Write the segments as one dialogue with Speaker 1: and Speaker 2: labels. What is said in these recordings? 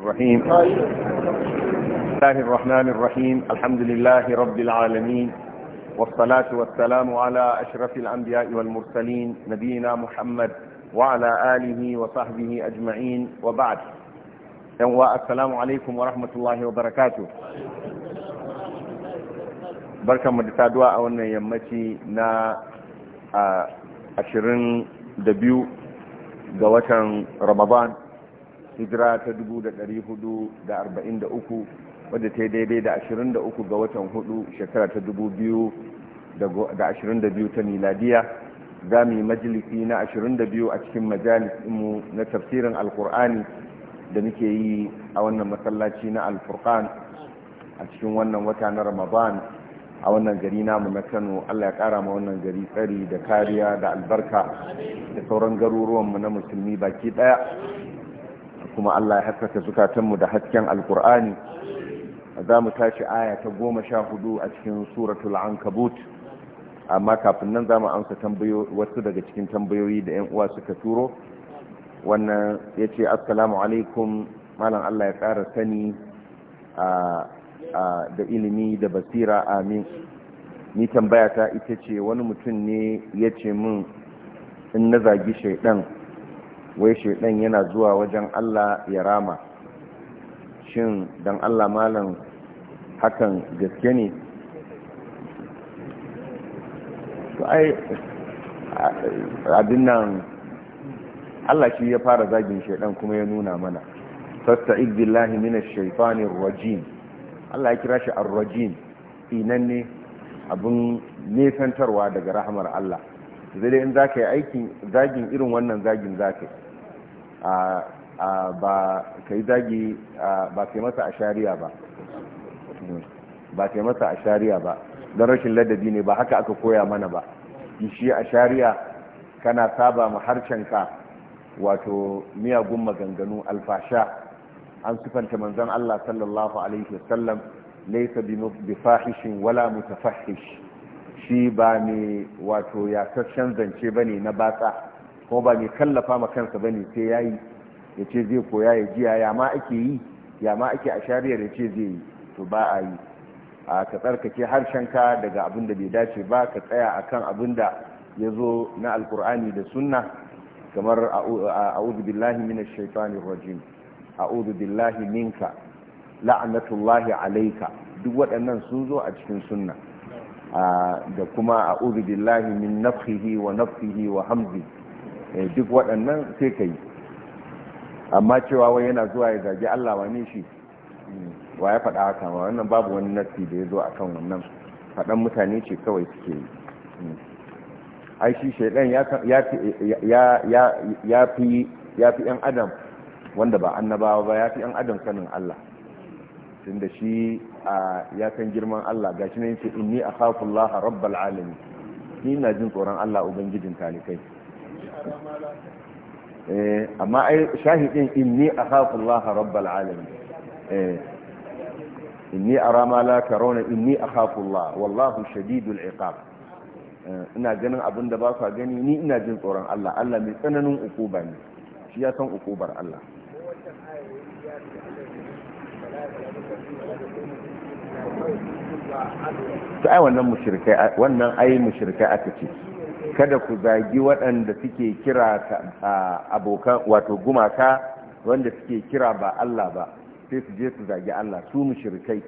Speaker 1: الرحيم بسم الله الرحمن الرحيم الحمد لله رب العالمين والصلاة والسلام على أشرف الأنبياء والمرسلين نبينا محمد وعلى آله وصحبه أجمعين وبعد السلام عليكم ورحمة الله وبركاته بركة دعاء أولا يمتي نا أشرين آه، دبيو ga رمضان hijira ta 443 wadda ta yi daidai da 23 ga watan 4 shekara ta 2022 ta miladiya za mu yi majalisi na 22 a cikin majalisinmu na tafsirin alkur'ani da muke yi a wannan masallaci na alfurkan a cikin wannan wata na ramadan a wannan gari namu na kano allah ya kara ma wannan gari tsari da kariya da albarka da sauran garuruwanmu na musulmi baki daya kuma Allah ya haskaka mu da hasken alkur'ani za mu tashi aya ta goma sha hudu a cikin suratul ankabut amma kafin nan za mu amsa wasu daga cikin tambayoyi da 'yan uwa suka turo wannan ya ce assalamu alaikum malam Allah ya ƙara sani da ilimi da basira amin ni tambaya ta ita ce wani mutum ne ya ce min in na zagi shaidan wai shaidan yana zuwa wajen Allah ya rama shin don Allah malam hakan gaske ne to ai abin nan Allah shi ya fara zagin shaidan kuma ya nuna mana fasta'id billahi minash shaitanir rajim Allah ya kira shi ar-rajim inan ne abun nesantarwa daga rahmar Allah zai in za ka yi aikin zagin irin wannan zagin za ka yi ba ka yi zagi ba ka yi masa a shari'a ba ba ka masa a shari'a ba don rashin ladabi ne ba haka aka koya mana ba shi a shari'a kana saba mu ka wato miyagun maganganu alfasha an sufanta manzon Allah sallallahu alaihi wasallam laisa bi fahishin wala mutafahish shi ba mai wato sassan zance ba ne na batsa kuma ba mai kallafa ma kansa ba ne sai ya yi ya ce zai koya ya jiya ya ma ake yi ya ma ake a shari'ar ya ce zai yi to ba a yi a ka tsarkake harshen ka daga abin da bai dace ba ka tsaya a kan abin da ya zo na alkur'ani da sunna kamar a'udhu billahi mina shaitani rajim a'udhu billahi minka la'anatullahi alayka duk waɗannan sun zo a cikin sunna da kuma a uzu billahi min nafsihi wa nafsihi wa hamzi eh, duk waɗannan sai ka yi amma cewa wai yana zuwa ya zagi Allah wane shi hmm, wa ya faɗa haka wannan babu wani nafi da ya zo a kan wannan faɗan mutane ce kawai suke yi hmm. ai shi shaidan ya fi yan adam wanda ba annabawa ba ya fi yan adam sanin Allah tunda shi ya san girman Allah shi ne yake inni akhafullaha rabbal alamin ni ina jin tsoron Allah ubangijin talikai eh amma ai shahidin inni akhafullaha rabbal alamin eh inni ara ma la tarawna inni akhafullah wallahu shadidul iqab eh, ina ganin abin da ba gani ni ina jin tsoron Allah Allah mai tsananin ukuba ne shi ya san ukubar Allah ta ai wannan mushrikai wannan ai mushrikai aka ce kada ku zagi waɗanda suke kira abokan wato gumaka wanda suke kira ba Allah ba sai su je su zagi Allah su mushrikai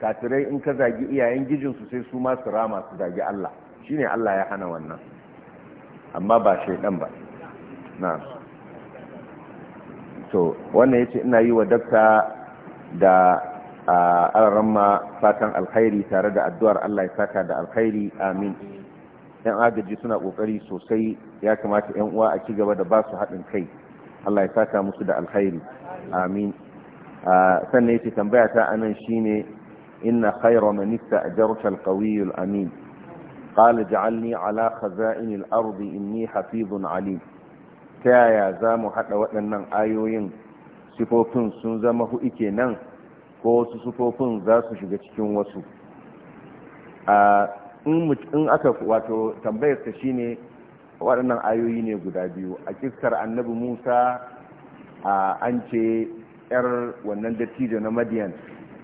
Speaker 1: kafirai in ka zagi iyayen gijinsu sai su ma su rama su zagi Allah shine Allah ya hana wannan amma ba shaidan ba na to wannan yace ina yi wa dakta da a alaramma fatan alkhairi tare da addu'ar Allah ya saka da alkhairi amin yan agaji suna ƙoƙari sosai ya kamata yan uwa a ci gaba da ba su haɗin kai Allah ya saka musu da alkhairi amin sannan yake tambaya ta anan shine inna khayra man ista'jarta alqawiyyu amin qala ja'alni ala khaza'in al inni hafizun alim ta yaya zamu hada waɗannan ayoyin sifofin sun zama hudu kenan ko wasu sufofin za su shiga cikin wasu in aka wato tambayar ta shine waɗannan ayoyi ne guda biyu a kiskar annabi musa an ce yar wannan dattijo na madiyan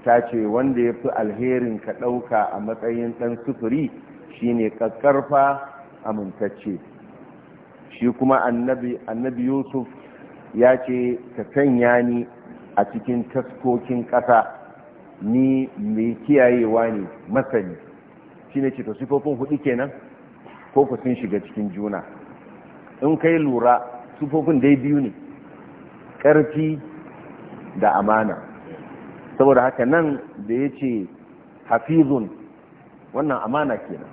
Speaker 1: ta ce wanda ya fi alherin ka ɗauka a matsayin ɗan sufuri shine ƙaƙƙarfa amintacce shi kuma annabi yusuf ya ce ka sanya ni a cikin taskokin ƙasa ni mai kiyayewa ne masani shi ne ce to hudu kenan ko ku sun shiga cikin juna in kai lura sifofin dai biyu ne ƙarfi da amana saboda haka nan da ya ce hafizun wannan amana kenan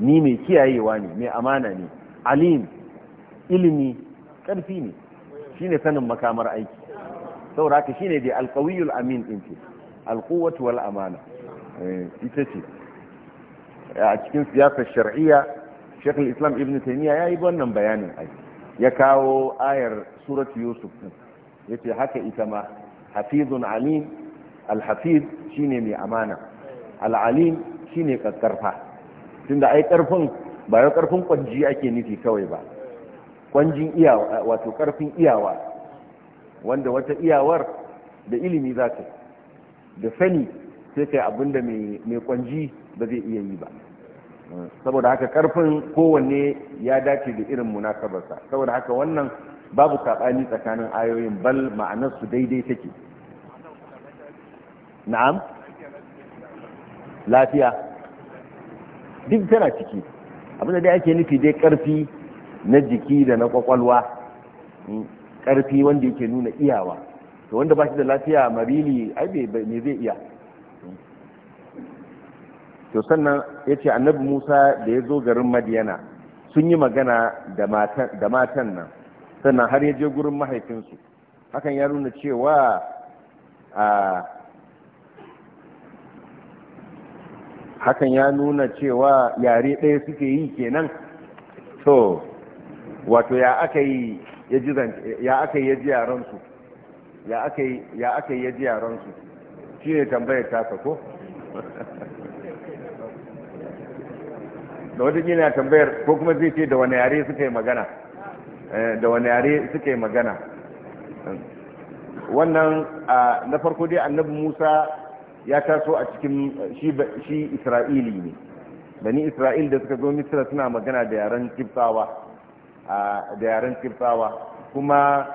Speaker 1: ni mai kiyayewa ne mai amana ne alim ilimi ƙarfi ne shi ne sanin makamar aiki Saurata shi shine dai alqawiyul amin din ce alquwwatu wal amana eh, ita ce a cikin siyasa shar'iyya shekul islam Ibn ya yi wannan bayanin ai ya kawo ayar surat Yusuf din yace haka ita ma hafizun alim alhafiz shi shine mai amana al-alim shine kakkarfa tunda ai karfin ba ya karfin kwanji ake nufi kawai ba kwanjin iyawa wato ƙarfin iyawa wanda wata iyawar da ilimi za ta da sani sai kai abin da mai kwanji ba zai iya yi ba saboda haka karfin kowanne ya dace da irin munasabarsa saboda haka wannan babu saɓani tsakanin ayoyin bal ma'anarsu daidai take na'am lafiya duk tana ciki abinda dai ake nufi dai karfi na jiki da na kwakwalwa hmm. ƙarfi wanda yake nuna iyawa to wanda ba shi da lafiya marili ai me zai iya to sannan ya annabi musa da ya zo garin madiyana sun yi magana da matan nan sannan har ya je gurin mahaifinsu hakan ya nuna cewa a hakan ya nuna cewa yare ɗaya suke yi kenan to wato ya aka yi ya ji ya aka yi ya ji yaran su ya aka yi ya ji yaran su ne tambayar ta ko da wata gina tambayar ko kuma zai ce da wani yare suka yi magana eh, da wani yare suka yi magana wannan na farko dai annabi musa ya taso a cikin shi isra'ili ne bani isra'il da suka zo misira suna magana da yaren kibtawa da yaren kirtawa kuma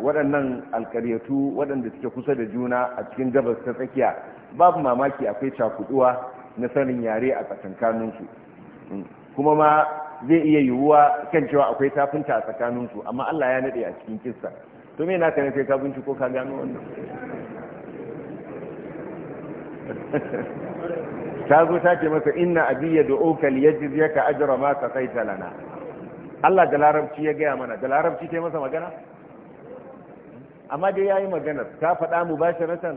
Speaker 1: waɗannan alkaryatu waɗanda suke kusa da juna a cikin gabas ta tsakiya babu mamaki akwai cakuduwa na sanin yare a tsakankaninsu mm. kuma ma zai iya yiwuwa kan cewa akwai tafinta a tsakaninsu amma allah ya naɗe a cikin kista to me na kane sai ka ko ka gano wannan ta zo ta ce masa inna abiyya da okal yajziyaka ajra ma ka lana Allah da larabci ya gaya mana da larabci ta yi masa magana amma dai ya yi maganar ta faɗa mu ba sharatan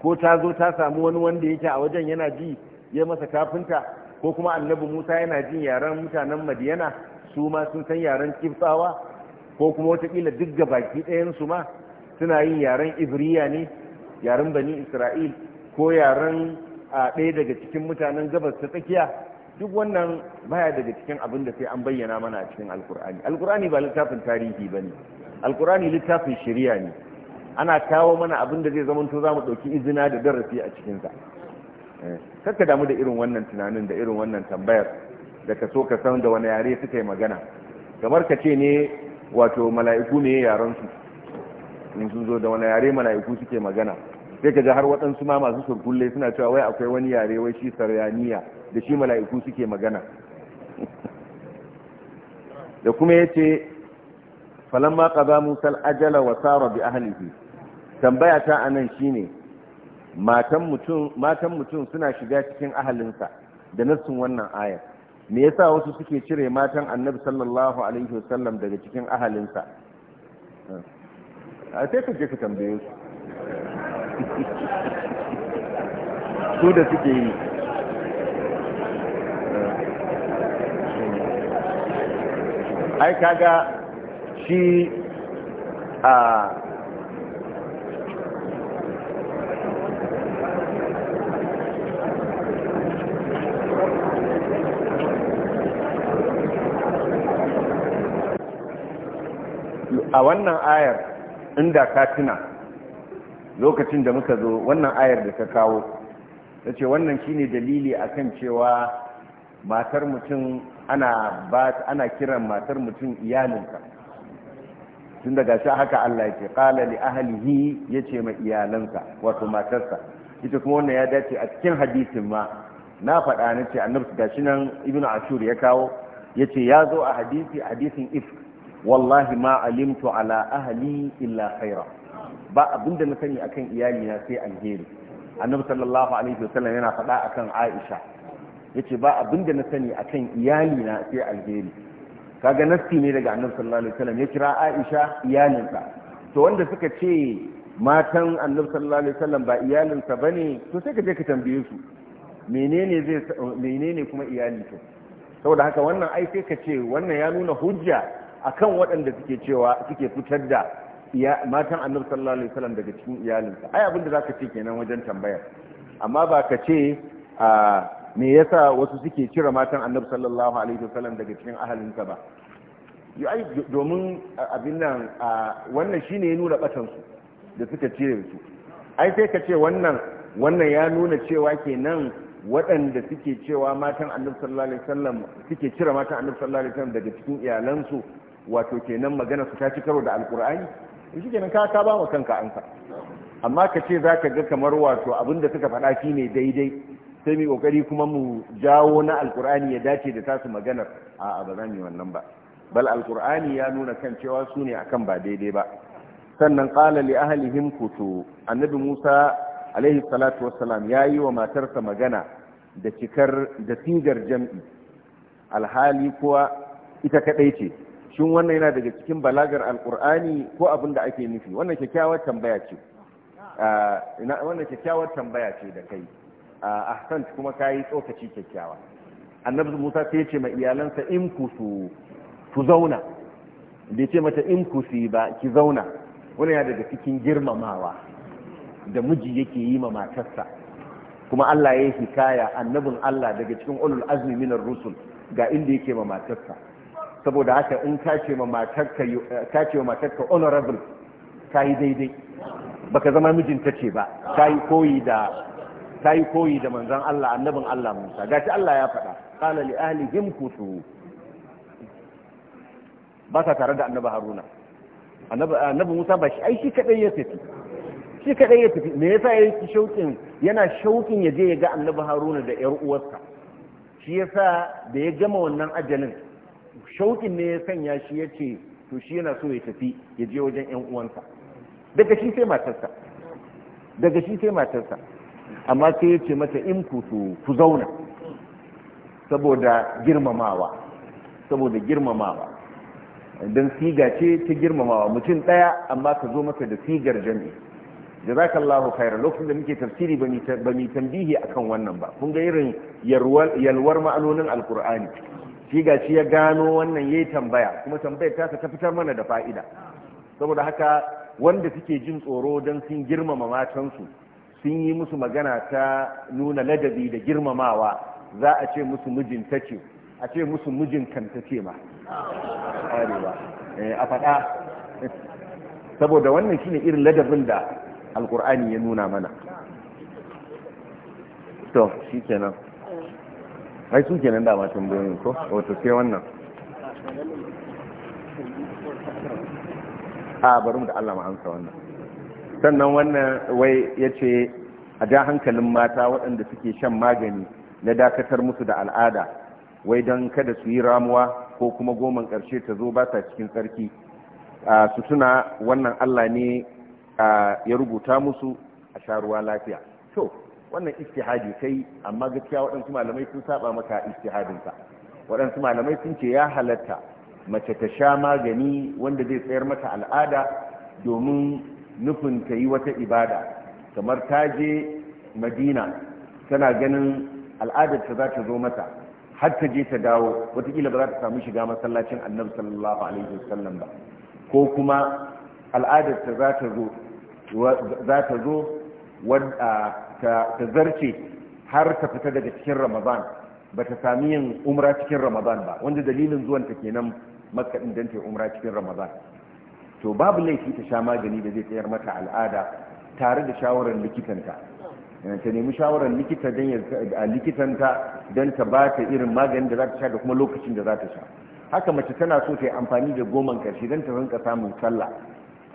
Speaker 1: ko ta zo ta samu wani wanda yake a wajen yana ji ya masa kafinta ko kuma annabi musa yana jin yaren mutanen madiyana su ma sun san yaren kifawa ko kuma watakila duk ga baki ɗayansu ma suna yin yaren ibriya ne yaren bani isra'il ko yaren a ɗaya daga cikin mutanen gabas ta tsakiya duk wannan baya daga cikin abin da sai an bayyana mana a cikin alkur'ani alkur'ani ba littafin tarihi ba ne alkur'ani littafin shari'a ne ana kawo mana abin da zai zamanto za mu ɗauki izina da darasi a cikinsa eh, kakka damu da irin wannan tunanin da irin wannan tambayar da ka so ka san da wani yare suka yi magana kamar ka ce ne wato mala'iku ne yaransu in sun zo da wani yare mala'iku suke magana sai kaga har waɗansu ma masu surkulle suna cewa wai akwai wani yare wai shi saryaniya da shi mala'iku suke magana da kuma yace falamma qada musa al-ajala wa sara bi ahlihi tambaya ta anan shine matan mutum matan mutum suna shiga cikin ahalinsa da nassun wannan aya me yasa wasu suke cire matan annabi sallallahu alaihi wasallam daga cikin ahalinsa a sai ka je ka tambaye su su da suke yi ai kaga shi a a wannan ayar inda ka lokacin da muka zo wannan ayar da ta kawo ta ce wannan shine dalili akan cewa matar mutum ana kiran matar mutum iyalinka tun daga shi haka Allah ya ce qala li ahlihi yace ma iyalanka wato matarsa ita kuma wannan ya dace a cikin hadisin ma na faɗa na ce annabi gashi nan ibnu ashur ya kawo yace ya zo a hadisi hadisin if wallahi ma alimtu ala ahali illa khaira ba abin da na sani akan iyalina sai alheri annabi sallallahu alaihi wasallam yana faɗa akan aisha yace ba abin da na sani akan iyalina sai alheri kaga nasti ne daga annabi sallallahu alaihi wasallam ya kira aisha iyalinsa to wanda suka ce matan annabi sallallahu alaihi wasallam ba iyalinsa bane to sai ka je ka tambaye su menene zai menene kuma iyali to saboda haka wannan ai sai ka ce wannan ya nuna hujja akan waɗanda suke cewa suke fitar da matan annabi sallallahu alaihi wasallam daga cikin iyalinsa ai abinda zaka ce kenan wajen tambaya amma ba ka ce me yasa wasu suke cire matan annabi sallallahu alaihi wasallam daga cikin ahalinsa ba ai domin abin nan wannan shine ya nuna batan su da suka cire su ai sai ka ce wannan wannan ya nuna cewa kenan waɗanda suke cewa matan annabi sallallahu alaihi wasallam suke cire matan annabi sallallahu alaihi wasallam daga cikin iyalansu wato kenan magana su ta ci karo da alkur'ani shi kenan ka ka ba kanka ansa amma ka ce za ka ga kamar wato abin da suka faɗa shi ne daidai sai mu kokari kuma mu jawo na alkur'ani ya dace da tasu maganar a ba zan yi wannan ba bal alkur'ani ya nuna kan cewa su ne akan ba daidai ba sannan qala li ahlihim kutu annabi Musa alaihi salatu wassalam yi wa matarsa magana da cikar da sigar jam'i alhali kuwa ita kadai ce shin wannan yana daga cikin balagar alkur'ani ko abin da ake nufi wannan kyakkyawar tambaya ce ah, wannan kyakkyawar tambaya ce da kai ah, ahsan kuma kayi tsokaci kyakkyawa annabi musa sai ya ce ma iyalansa in ku su ku zauna bai ce mata in ku su ba ki zauna wannan yana daga cikin girmamawa da miji yake yi ma matarsa kuma Allah ya yi hikaya annabin Allah daga cikin ulul azmi minar rusul ga inda yake ma matarsa saboda haka in ka ce ma matarka eh, ka honorable ka yi daidai baka zama mijinta ce ba ka yi koyi da ta yi koyi da manzan Allah annabin Allah Musa gaci Allah ya faɗa qala li him kusu ba sa tare da annabi Haruna annabi Musa ba shi ai shi kadai ya tafi shi kadai ya tafi me yasa yi shauƙin yana shauƙin ya je ya ga annabi Haruna da ƴar uwarsa shi yasa da ya gama wannan ajalin shauƙin ne ya sanya shi ya ce to shi yana so ya tafi ya je wajen yan uwansa daga shi sai matarsa daga shi sai matarsa amma sai ya ce mata in ku ku zauna saboda girmamawa saboda girmamawa don siga ce ta girmamawa mutum ɗaya amma ka zo masa da sigar jami'i jazakallahu khairan lokacin da muke tafsiri ba mu tambihi akan wannan ba kun ga irin yalwar ma'anonin alkur'ani shi ga shi ya gano wannan yayi tambaya kuma tambayar ta ta fitar mana da fa'ida saboda haka wanda suke jin tsoro don sun girmama matansu sun yi musu magana ta nuna ladabi da girmamawa za a ce musu ta ce a ce musu mijin kan ta ce ma eh, a faɗa saboda wannan shine irin ladabin da alkur'ani ya nuna mana to shikenan ai su kenan matan tambayoyin ko wato sai wannan a bari mu da Allah mu amsa wannan sannan wannan wai yace a ja hankalin mata waɗanda suke shan magani na dakatar musu da al'ada wai don kada su yi ramuwa ko kuma goman ƙarshe ta zo ba ta cikin tsarki su tuna wannan Allah ne ya rubuta musu a sha ruwa lafiya to wannan istihadi kai amma gaskiya waɗansu malamai sun saba maka istihadinka waɗansu malamai sun ce ya halatta mace ta sha magani wanda zai tsayar mata al'ada domin nufin ta yi wata ibada kamar ta je madina tana ganin al'adar ta za ta zo mata har ta je ta dawo watakila ba za ta samu shiga masallacin annabi sallallahu alaihi wasallam ba ko kuma al'adar ta za ta zo za ta zo wadda ta zarce har ta fita daga cikin ramadan ba ta sami yin umra cikin ramadan ba wanda dalilin zuwan ta kenan makka din dan ta umra cikin ramadan to babu laifi ta sha magani da zai tsayar mata al'ada tare da shawaran likitanta eh, ta nemi shawaran likita don ya likitanta don ta ba ta irin maganin da za ta sha da kuma lokacin da za ta sha haka mace tana so ta yi amfani da goman karshe don ta rinka samun sallah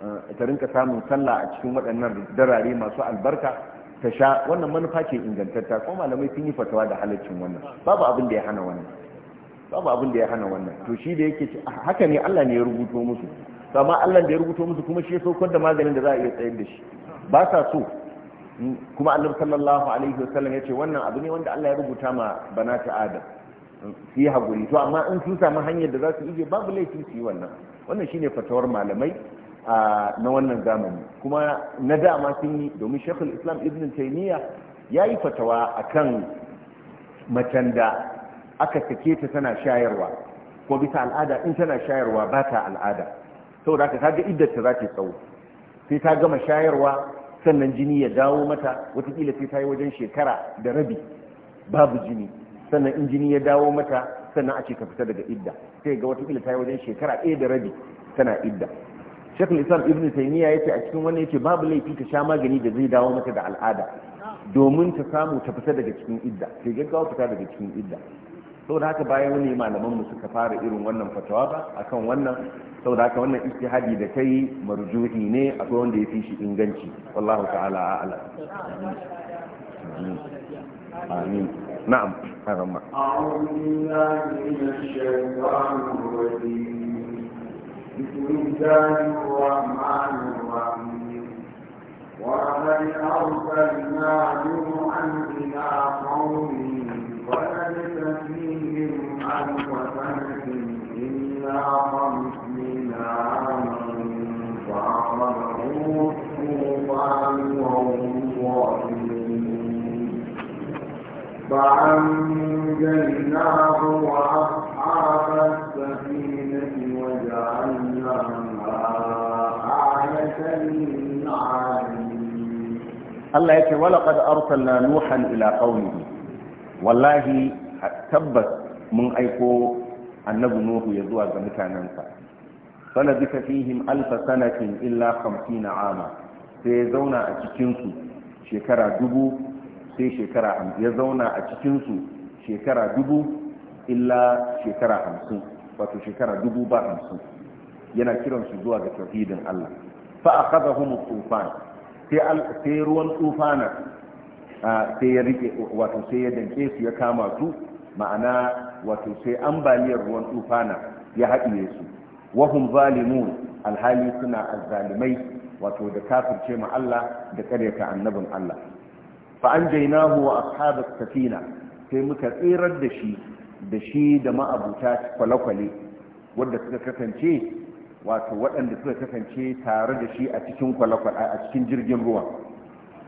Speaker 1: eh, ta rinka samun sallah a cikin waɗannan darare masu albarka ta sha wannan manufa ce ingantatta ko malamai sun yi fatawa da halaccin wannan babu abin da ya hana wannan babu abin da ya hana wannan to shi da yake haka ne Allah ne ya rubuto musu to amma Allah da ya rubuto musu kuma shi ya saukar da maganin da za a iya tsayar da shi ba sa so hmm, kuma annabi sallallahu alaihi wasallam ya ce wannan abu ne wanda Allah ya rubuta ma banata adam hmm, su yi haƙuri to amma in sun samu hanyar da za su ije babu laifi su yi wannan wannan shine fatawar malamai na wannan zamani kuma na dama sun yi domin shekul islam ibn taimiyya ya yi fatawa a kan macen da aka sake ta tana shayarwa ko bisa al'ada in tana shayarwa ba ta al'ada saboda haka ta ga ta za ta tsawo sai ta gama shayarwa sannan jini ya dawo mata watakila sai ta yi wajen shekara da rabi babu jini sannan in jini ya dawo mata sannan a ce ta fita daga idda sai ga watakila ta yi wajen shekara ɗaya da rabi tana idda shekul islam ibn taimiyya ya ce a cikin wannan ya ce babu laifi ta sha magani da zai dawo mata da al'ada domin ta samu ta fita daga cikin idda sai gaggawa fita daga cikin idda saboda haka bayan wani malaman mu suka fara irin wannan fatawa ba akan wannan saboda haka wannan ijtihadi da kai marjuhi ne akwai wanda ya fi shi inganci wallahu ta'ala a'ala amin na'am haramma
Speaker 2: a'udhu billahi minash shaitanir rajim بسم الله الرحمن الرحيم ولقد أرسلنا نوحا إلى قومه فلبث فيهم ألف سنة إلا خمسين عاما فأخذهم الطوفان وهم ظالمون فأنجيناه وأصحاب السفينة
Speaker 1: Allah ya yake walaƙad arsalna nuhan ila qaumihi wallahi tabbas mun aiko annabi nuhu ya zuwa ga mutanensa sana bisa fihim alfa sanatin illa na ama sai ya zauna a cikinsu shekara dubu sai shekara ya zauna a cikinsu shekara dubu illa shekara hamsin wato shekara dubu ba hamsin yana kiran su zuwa ga tauhidin Allah fa akhadahum tufan sai sai ruwan tufana sai ya rike wato sai ya danke su ya kama su ma'ana wato sai ambaliyar ruwan tufana ya haɗiye su wahum zalimun alhali suna azzalimai wato da kafirce ma Allah da karyata annabin Allah fa jainahu wa ashabas safina sai muka tsirar da shi da shi da ma'abuta kwale-kwale wadda suka kasance wato waɗanda suka kasance tare da shi a cikin kwalakwala a cikin jirgin ruwa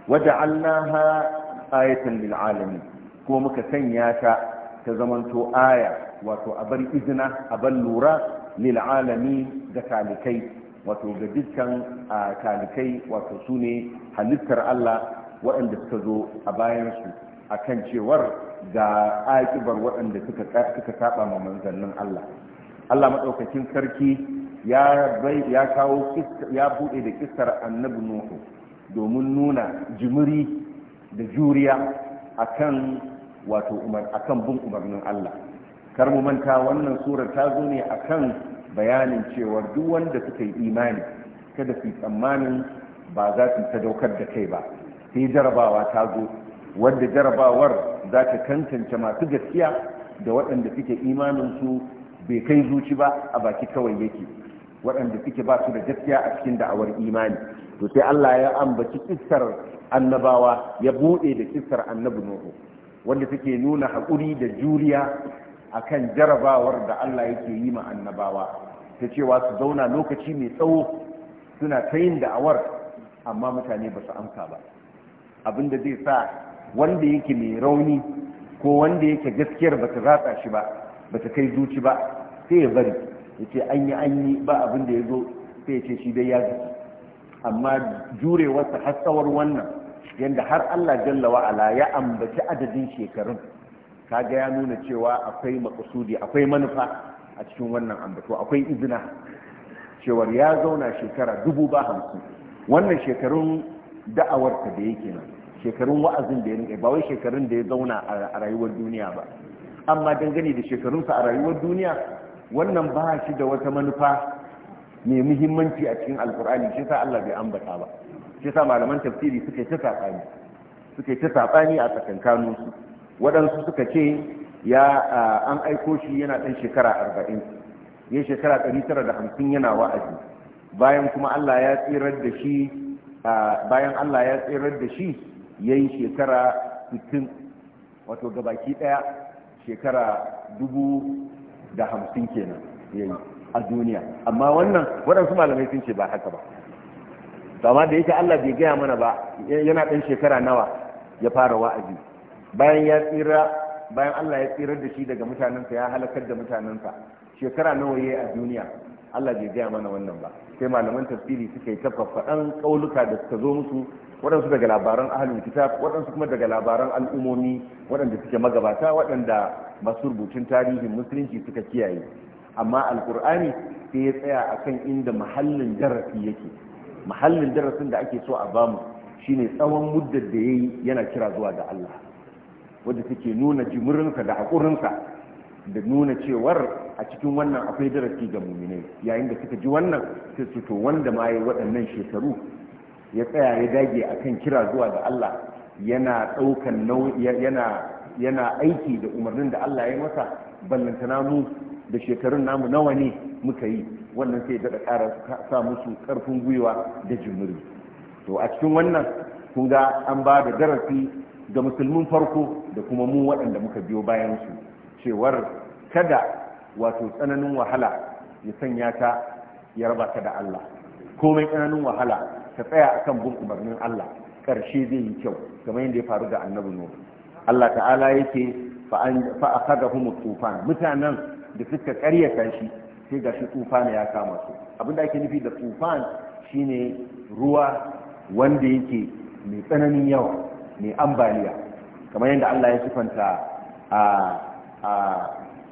Speaker 1: wadda allaha ayatan lil alami kuma muka sanya ta ta zamanto aya wato a bar izina a bar lura lil alami ga talikai wato ga dukkan talikai wato su ne halittar allah waɗanda suka zo a bayansu a kan cewar ga aqibar waɗanda suka saba ma manzannin allah Allah madaukakin sarki ya bai kawo ya bude da kissar annabi nuhu domin nuna jimiri da juriya akan wato umar akan bin umarnin Allah kar mu manta wannan sura ta zo ne a kan bayanin cewa duk wanda suka yi imani kada su tsammanin ba za su sadaukar da kai ba sai jarabawa ta zo wanda jarabawar za ta tantance masu gaskiya da waɗanda suke su bai kai zuci ba a baki kawai yake waɗanda suke ba su da gaskiya a cikin da'awar imani to sai Allah ya ambaci kissar annabawa ya buɗe da kissar annabi Nuhu wanda take nuna haƙuri da juriya akan jarabawar da Allah yake yi ma annabawa ta cewa su zauna lokaci mai tsawo suna ta yin da'awar amma mutane ba su amsa ba abinda zai sa wanda yake mai rauni ko wanda yake gaskiyar ba ta ratsa shi ba ba ta kai zuci ba sai ya bari ya ce an yi an yi ba abin da ya zo sai ya ce shi dai ya gaji amma jurewarsa har tsawar wannan yadda har allah jalla wa'ala ya ambaci adadin shekarun kaga ya nuna cewa akwai makasudi akwai manufa a cikin wannan ambato akwai izina cewar ya zauna shekara dubu ba hamsin wannan shekarun da'awarta da yake nan shekarun wa'azin da ya rike ba wai shekarun da ya zauna a rayuwar duniya ba amma dangane da shekarunsa a rayuwar duniya wannan ba shi da wata manufa mai muhimmanci a cikin alkur'ani shi sa Allah bai ambata ba shi sa malaman tafsiri suke ta sabani suke ta sabani a tsakankanin su waɗansu suka ce ya an aiko shi yana ɗan shekara arba'in ya shekara ɗari tara da hamsin yana wa'azi bayan kuma Allah ya tsirar da shi bayan Allah ya tsirar da shi ya yi shekara sittin wato gabaki ɗaya shekara dubu da hamsin kenan ya yi a duniya amma wannan waɗansu malamai sun ce ba haka ba amma da yake Allah bai gaya mana ba yana ɗan shekara nawa ya fara wa'azi bayan ya tsira bayan Allah ya tsirar da shi daga mutanensa ya halakar da mutanensa shekara nawa ya yi a duniya Allah bai gaya mana wannan ba sai malaman tafsiri suka yi ta faɗan ƙauluka da suka zo musu waɗansu daga labaran ahalin kitab waɗansu kuma daga labaran al'umomi waɗanda suke magabata waɗanda masu rubutun tarihin musulunci suka kiyaye amma alkur'ani sai ya tsaya a kan inda mahallin darasi yake mahallin darasin da ake so a bamu shine tsawon muddar da yi yana kira zuwa ga Allah wanda suke nuna jimurinsa da haƙurinsa da nuna cewar a cikin wannan akwai darasi ga muminai yayin da suka ji wannan sai su to wanda ma yi waɗannan shekaru ya tsaya ya dage akan kira zuwa ga Allah yana ɗaukan yana yana aiki da umarnin da Allah ya masa ballantana mu da shekarun namu nawa ne muka yi wannan sai daɗa ƙara sa musu ƙarfin gwiwa da jimiri to a cikin wannan kun ga an ba da darasi ga musulmin farko da kuma mu waɗanda muka biyo bayan su cewar kada wato tsananin wahala ya sanya ta ya raba ka da Allah komai tsananin wahala ka tsaya akan bin umarnin Allah karshe zai yi kyau kamar yadda ya faru da annabi nuhu Allah ta'ala yake fa akhadahum tufan mutanen da suka karya kanshi sai gashi tufan ya kama su abinda ake nufi da tufan shine ruwa wanda yake mai tsananin yawa mai ambaliya kamar yadda Allah ya sifanta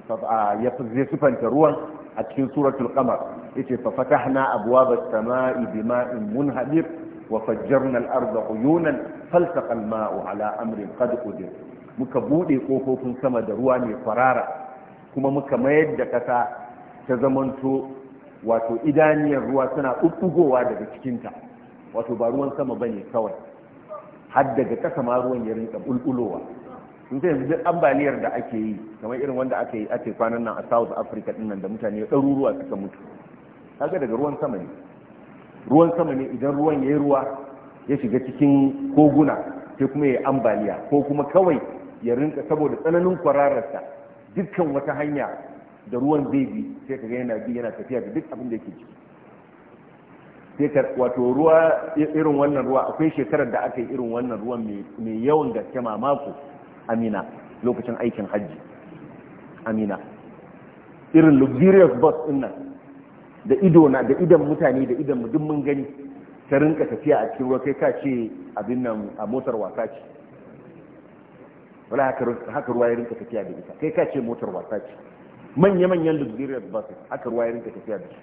Speaker 1: a ya sifanta ruwan a cikin suratul kamar yace fa fatahna abwaba as-sama'i bima'in munhadir wa fajjarna al-arda uyunan faltaqa al-ma'u ala amrin qad qadir muka bude kofofin sama da ruwa mai farara kuma muka mayar da kasa ta zamanto wato idaniyar ruwa suna ɓuɓɓugowa daga cikinta wato ba ruwan sama bane kawai har daga ƙasa ma ruwan ya rinka bulbulowa sun sai yanzu ambaliyar da ake yi kamar irin wanda ake yi ake kwanan nan a south africa din nan da mutane ɗaruruwa suka mutu kaga daga ruwan sama ne ruwan sama ne idan ruwan ya yi ruwa ya shiga cikin koguna sai kuma ya ambaliya ko kuma kawai ya rinka saboda tsananin kwarararsa dukkan wata hanya da ruwan zai bi sai kaga yana bi yana tafiya da duk abin da yake ciki sai ka wato ruwa irin wannan ruwa akwai shekarar da aka yi irin wannan ruwan mai yawan gaske mamako amina lokacin aikin hajji amina irin luxurious bus din da ido na da idan mutane da idan duk mun gani ta rinka tafiya a cikin ruwa kai ka ce abin nan a motar wasa ce wala haka ruwa ya rinka tafiya da ita kai ka ce motar wasa ce manya-manyan luxurious bus haka ruwa ya rinka tafiya da shi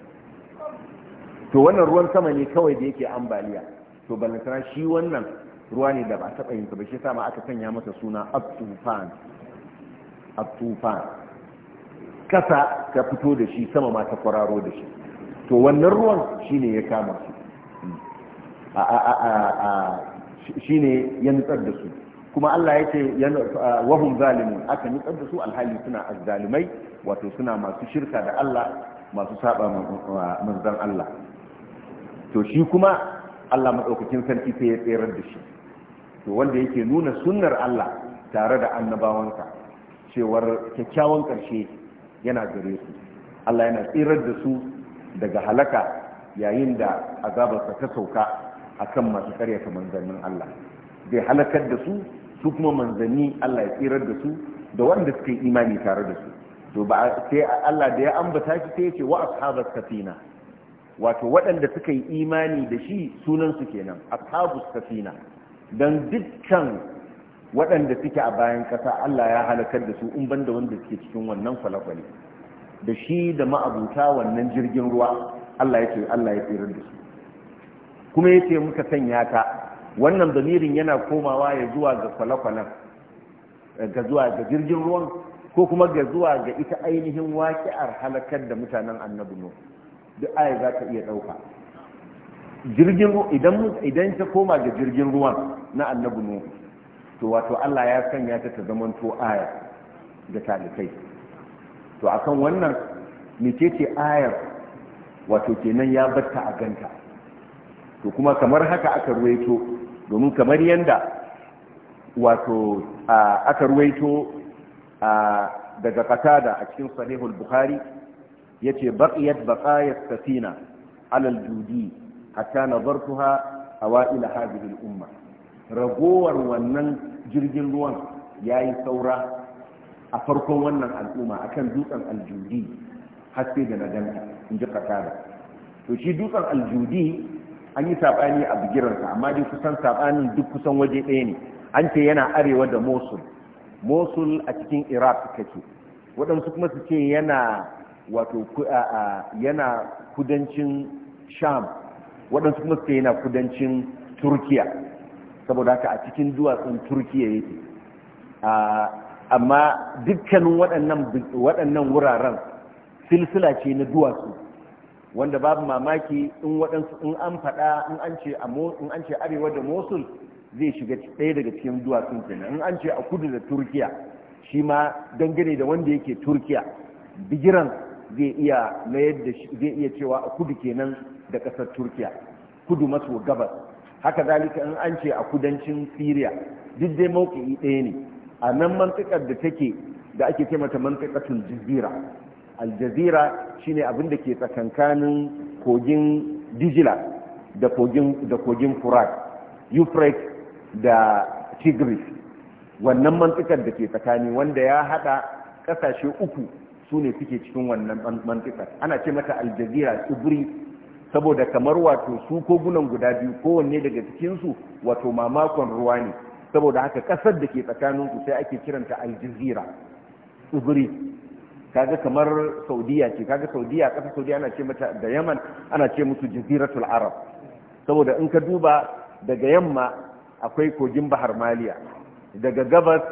Speaker 1: to wannan ruwan sama ne kawai da yake ambaliya to balantana shi wannan ruwa ne da ba taɓa yin ba shi sama aka sanya masa suna abtufan abtufan kasa ta fito da shi sama ma ta kwararo da shi to wannan ruwan shine ya kama su a a a shine ya nutsar da su kuma Allah ya ce wahum zalimun aka nutsar da su alhali suna azzalimai wato suna masu shirka da Allah masu saba manzon Allah to shi kuma Allah maɗaukakin sarki sai ya tserar da shi to wanda yake nuna sunnar Allah tare da annabawanka, cewar kyakkyawan ƙarshe yana gare su Allah yana tsirar da su daga halaka yayin da azabarsa ta sauka akan masu karyata manzannin Allah zai halakar da su su kuma manzanni Allah ya tsirar da su da wanda suka yi imani tare da su to ba sai Allah da ya ambata shi sai ya ce wa ashabas safina wato waɗanda suka yi imani da shi sunan su kenan ashabus safina don dukkan waɗanda suke a bayan ƙasa Allah ya halakar da su in ban da wanda suke cikin wannan kwale-kwale da shi da ma'abuta wannan jirgin ruwa Allah ya ce Allah ya tsirar da su kuma ya ce muka sanya ta wannan zamirin yana komawa ya zuwa ga kwale-kwalen ga zuwa ga jirgin ruwan ko kuma ga zuwa ga ita ainihin waƙi'ar halakar da mutanen annabi duk aya za ta iya ɗauka jirgin idan idan ta koma ga jirgin ruwan na annabi nuhu to wato Allah ya sanya ta ta zamanto aya da talibai to akan wannan mece ce ayar wato kenan ya batta a ganta to kuma kamar haka aka ruwaito domin kamar yanda wato aka ruwaito daga qatada a cikin sahihul bukhari yace baqiyat baƙayar safina alal judi hatta nazartuha awail hadhihi al-umma ragowar wannan jirgin ruwan yayi saura a farkon wannan al'umma akan dutsen aljudi har sai da na ganta in ji to shi dutsen aljudi an yi saɓani a bigirarsa amma dai kusan saɓanin duk kusan waje ɗaya ne an ce yana arewa da mosul mosul a cikin iraq kake waɗansu kuma su ce yana wato yana kudancin sham waɗansu kuma suka yana kudancin turkiya saboda haka a cikin duwatsun turkiya yake amma dukkanin waɗannan wuraren silsila ce na duwatsu wanda babu mamaki in waɗansu in an faɗa in an ce arewa da mosul zai shiga ɗaya daga cikin duwatsun kenan in an ce a kudu da turkiya shi ma dangane da wanda yake turkiya bigiran zai iya mayar da zai iya cewa a kudu kenan da ƙasar turkiya kudu maso gabas haka zalika in an ce a kudancin syria duk dai mawuƙi ɗaya ne a nan mantikar da take da ake ce mata mantikatul jazira aljazira shine abin da ke tsakankanin kogin dijila da kogin da kogin furat euphrates da tigris wannan mantikar da ke tsakani wanda ya haɗa ƙasashe uku su ne suke cikin wannan mantika ana ce mata aljazira tsibiri saboda kamar wato su kogunan guda biyu kowanne daga cikinsu wato mamakon ruwa ne saboda haka kasar da ke tsakaninku sai ake kiranta aljazira tsibiri kaga kamar saudiya ce kaga saudiya kasar saudiya ana ce mata da yaman ana ce musu jaziratul arab saboda in ka duba daga yamma akwai kogin bahar maliya daga gabas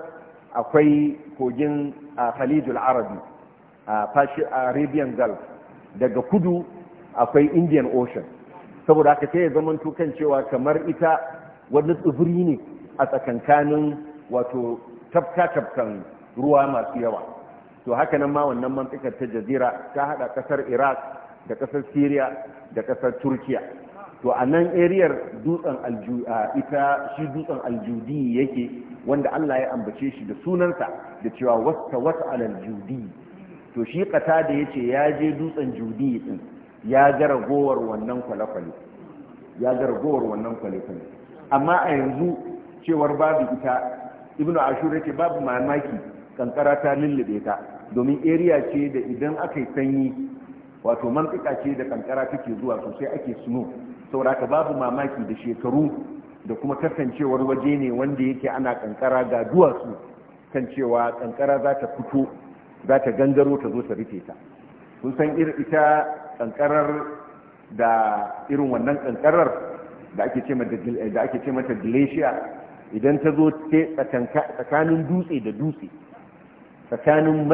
Speaker 1: akwai kogin khalijul arabi a arabian gulf daga kudu akwai indian ocean saboda haka ta ya zamanto kan cewa kamar ita wani tsibiri ne a tsakankanin wato tafka-tafkan ruwa masu yawa to haka nan ma wannan mantikar ta jazira ta hada kasar iraq da kasar syria da kasar turkiya to a nan ariyar dutsen ita shi dutsen aljudi yake wanda allah ya ambace shi da sunansa da cewa wasta wata aljudi to shi kata da ya ce ya je dutsen judi din ya ga ragowar wannan kwale-kwale ya ga ragowar wannan kwale-kwale amma a yanzu cewar babu ita ibnu ashur yake babu mamaki kankara ta lullube ta domin area ce da idan aka yi sanyi wato mantsika ce da kankara take zuwa sosai ake suno sauraka babu mamaki da shekaru da kuma kasancewar waje ne wanda yake ana kankara ga duwatsu kan cewa kankara za ta fito za ta gangaro ta zo ta rufe ta kun san ita kankarar da irin wannan kankarar da ake ce mata da ake ce mata glacier idan ta zo tsakanin dutse da dutse tsakanin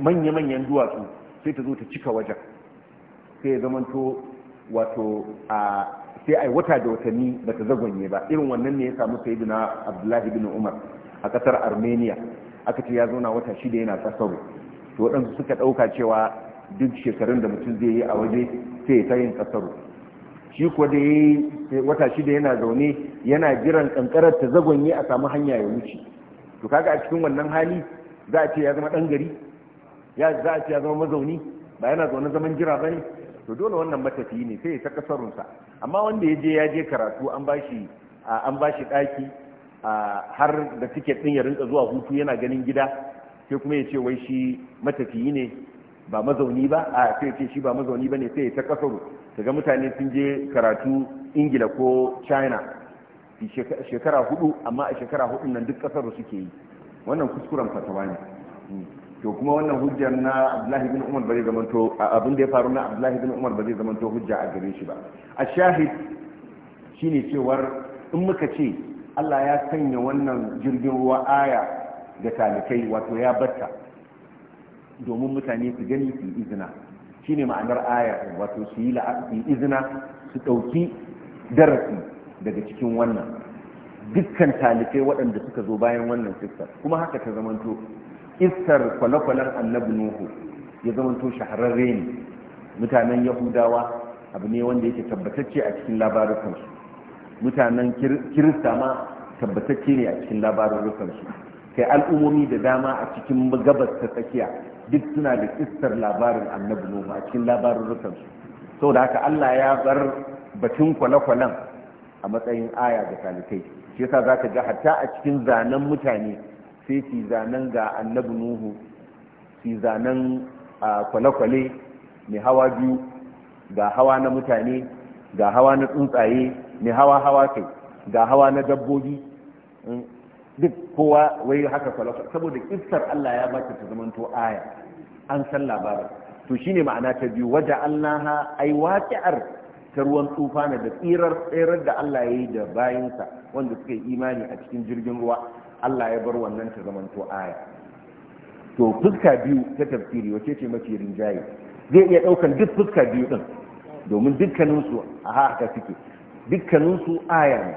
Speaker 1: manya-manyan duwatsu sai ta zo ta cika wajen sai ya zamanto wato a sai ai wata da watanni ba ta zagonye ba irin wannan ne ya samu sayyidina abdullahi bin umar a kasar armenia aka ce ya zauna wata shida yana tsasaro to waɗansu suka ɗauka cewa duk shekarun da mutum zai yi a waje sai ya tayin ƙasaru shi kuwa da ya yi wata shida yana zaune yana jiran ƙanƙarar ta zagonye a samu hanya ya wuce to kaga a cikin wannan hali za a ce ya zama ɗan gari ya za a ce ya zama mazauni ba yana zaune zaman jira ba ne to dole wannan matafiyi ne sai ya ta ƙasarunsa amma wanda ya je ya je karatu an ba shi an ba shi ɗaki har da tiket ɗin ya rinka zuwa hutu yana ganin gida sai kuma ya ce wai shi matafiyi ne ba mazauni ba a sai ya ce shi ba mazauni ba ne sai ya ta kasaru daga mutane sun je karatu ingila ko china shekara hudu amma a shekara hudun nan duk kasar suke yi wannan kuskuren fatawa ne hmm. to kuma wannan hujjar na abdullahi bin umar ba zai zamanto abin da ya faru na abdullahi bin umar ba zai zamanto hujja a gare shi ba a shahid shine cewar in muka ce Allah ya sanya wannan jirgin ruwa aya ga talikai wato ya batta domin mutane su gani su yi izina shi ne ma'anar ayar wato su yi izina su ɗauki darasi daga cikin wannan dukkan talikai waɗanda suka zo bayan wannan siffar kuma haka ta zamanto istar kwale-kwalen annabi nuhu ya zamanto shahararre ne mutanen yahudawa abu ne wanda yake tabbatacce a cikin labarukansu mutanen kirista ma tabbatacce ne a cikin labarukansu kai al'ummomi da dama a cikin gabas ta tsakiya duk suna da kistar labarin annabi nuhu a cikin labarurrukan rukansu saboda haka Allah ya bar batun kwale-kwalen a matsayin aya ga talikai shi yasa zaka ga hatta a cikin zanen mutane sai su zanen ga annabi nuhu su zanen kwale-kwale mai hawa biyu ga hawa na mutane ga hawa na tsuntsaye mai hawa hawa kai ga hawa na dabbobi hmm. duk kowa wai haka kwalafa saboda kissar Allah ya bata ta zamanto aya an san labarin to shine ma'ana ta biyu waje Allah ai waqi'ar ta ruwan tufana da tsirar tsirar da Allah ya yi da bayansa wanda suka yi imani a cikin jirgin ruwa Allah ya bar wannan ta to aya to fuska biyu ta tafsiri wace ce mafi rinjaye zai iya ɗaukan duk fuska biyu din? domin dukkaninsu a haka suke dukkaninsu aya ne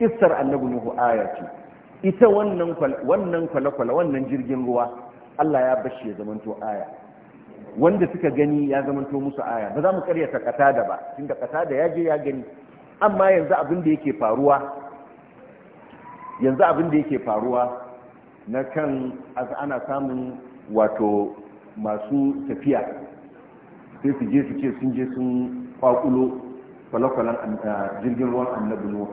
Speaker 1: kissar annabi nuhu aya ce ita wannan wannan kwale-kwale wannan jirgin ruwa Allah ya bashi ya zamanto aya wanda suka gani ya zamanto musu aya ba za mu karyata da ba tunda katada ya je ya gani amma yanzu abin da yake faruwa yanzu abin da yake faruwa na kan ana samun wato masu tafiya sai su je su ce sun je sun kwakulo kwale-kwalen eh, jirgin ruwan annabi nuwa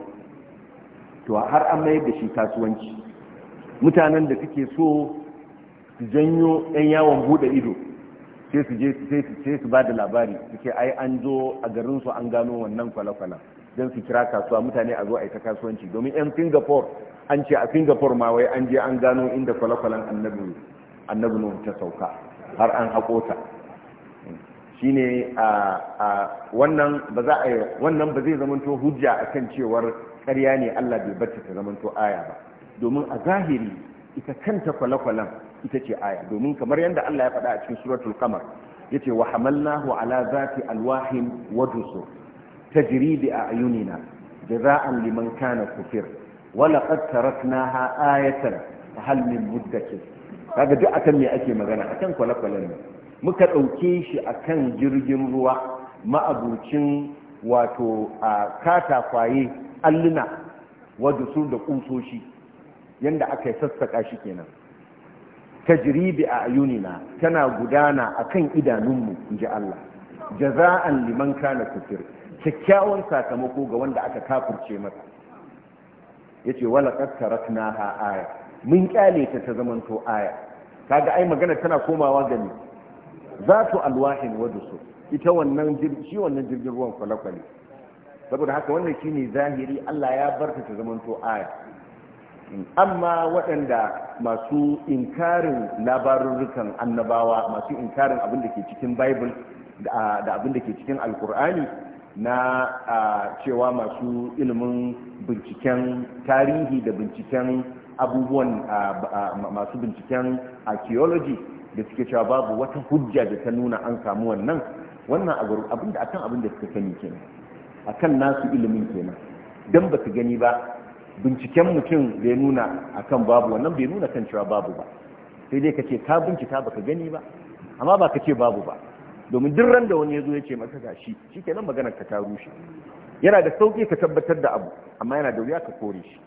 Speaker 1: to har an mayar da shi kasuwanci mutanen da suke so su janyo 'yan yawon bude ido sai su je su ba da labari suke ai an zo a garin su an gano wannan kwale-kwalen don su kira kasuwa mutane a zo a yi ta kasuwanci domin 'yan singapore an ce a singapore ma wai an je an gano inda kwale-kwalen annabi ta sauka har an haƙo ta shi ne a wannan ba zai zamanto hujja a kan cewar ƙarya ne Allah bai bar ta zamanto aya ba domin a zahiri ita kanta kwale-kwalen ita ce aya domin kamar yadda Allah ya faɗa a cikin suratul qamar yace wa hamalnahu ala zati alwahin wa dusur tajri bi ayunina jaza'an liman kana kufir wa laqad taraknaha ayatan hal min muddakir kaga duk akan me ake magana akan kwale-kwalen ne muka ɗauke shi akan jirgin ruwa ma'abucin wato a katakwaye alluna wadda sun da kusoshi yadda aka yi sassaƙa shi kenan jiribi a ayunina tana gudana a kan idanunmu in ji Allah jaza'an liman kana kufir kyakkyawan sakamako ga wanda aka kafurce masa ya ce wala ƙattarat na ha aya mun kyale ta ta to aya kaga ai magana tana komawa ga ni za alwahin su ita wannan wannan jirgin ruwan kwale-kwale saboda haka wannan shine zahiri Allah ya bar ta to aya amma waɗanda masu inkarin labarurrukan annabawa masu inkarin abin da ke cikin bible da abin da ke cikin alkur'ani na cewa masu ilimin binciken tarihi da binciken abubuwan masu binciken archaeology da suke cewa babu wata hujja da ta nuna an samu wannan wannan abin da akan abin da suka sani kenan akan nasu ilimin kenan don ba su gani ba binciken mutum bai nuna akan babu wannan bai nuna kan cewa babu ba sai dai ka ce ka bincika ba ka gani ba amma ba ka ce babu ba domin duk ran da wani ya zo ya ce maka gashi nan maganar ka ta rushe yana da sauƙi ka tabbatar da abu amma yana da wuya ka kore shi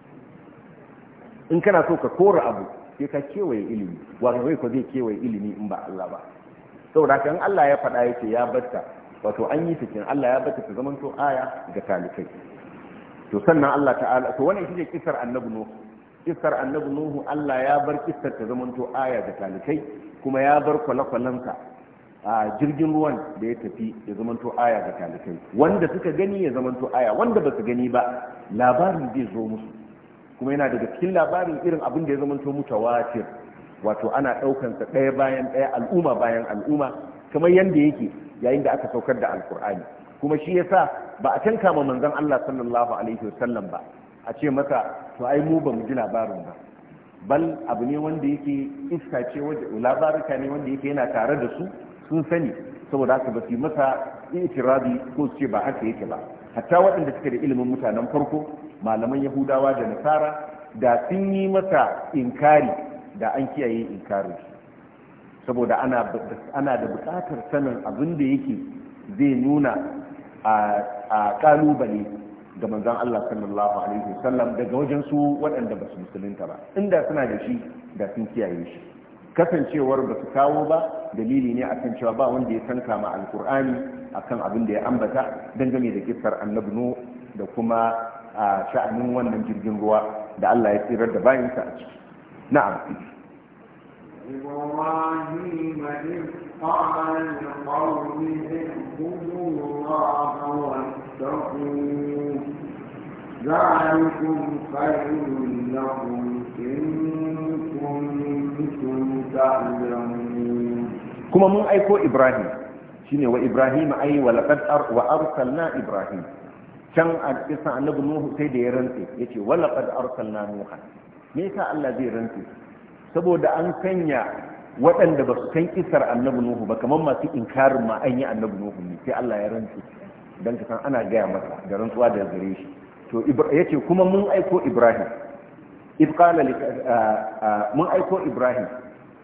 Speaker 1: in kana so ka kore abu sai ka kewaye ilimi wani wai ko zai kewaye ilimi in ba Allah ba saboda kan Allah ya faɗa yake ya batta wato an yi cikin Allah ya baka ta zaman to aya ga talikai to sannan Allah ta'ala to wannan shine kisar annabi nuhu kisar annabi nuhu Allah ya bar kisar ta zaman to aya ga talikai kuma ya bar kwalakwalanka a jirgin ruwan da ya tafi ya zaman to aya ga talikai wanda suka gani ya zaman to aya wanda ba su gani ba labarin zai zo musu kuma yana daga cikin labarin irin abin da ya zama to mutawatir wato ana ɗaukansa ɗaya bayan ɗaya al'umma bayan al'umma kamar yadda yake yayin da aka saukar da alkur'ani kuma shi yasa ba a canka ma manzon Allah sallallahu alaihi wasallam ba a ce masa to ai mu ba mu ji labarin ba bal abu ne wanda yake iska ce labaruka ne wanda yake yana tare da su sun sani saboda haka ba su yi masa itirazi ko su ce ba haka yake ba hatta waɗanda suke da ilimin mutanen farko malaman yahudawa da nasara da sun yi masa inkari da an kiyaye inkarin shi saboda ana da bukatar sanin abin da yake zai nuna a kalubale ga manzan Allah sallallahu alaihi wasallam daga wajen su waɗanda ba su musulunta ba inda suna da shi da sun kiyaye shi kasancewar ba su kawo ba dalili ne akan cewa ba wanda ya san kama alkur'ani akan abin da ya ambata dangane da kisar annabnu da kuma sha'anin wannan jirgin ruwa da Allah ya tsirar da bayansa a ciki na'am
Speaker 2: إبراهيم إذ قال لقومه اعبدوا الله واتقوه ذلكم خير
Speaker 1: لكم إن كنتم تعلمون كما من أيكو إبراهيم shine wa ibrahim ai wa laqad ar wa ibrahim can a kisa annabi nuhu sai da ya rantse, yace wa laqad arsalna nuha me yasa allah zai rantse? saboda an sanya waɗanda ba su san kisar annabi nuhu ba kamar masu inkarin ma an yi annabi nuhu ne sai Allah ya rantsu dan ka san ana gaya masa da rantsuwa da gare shi to yace kuma mun aiko Ibrahim id qala eh, eh, mun aiko Ibrahim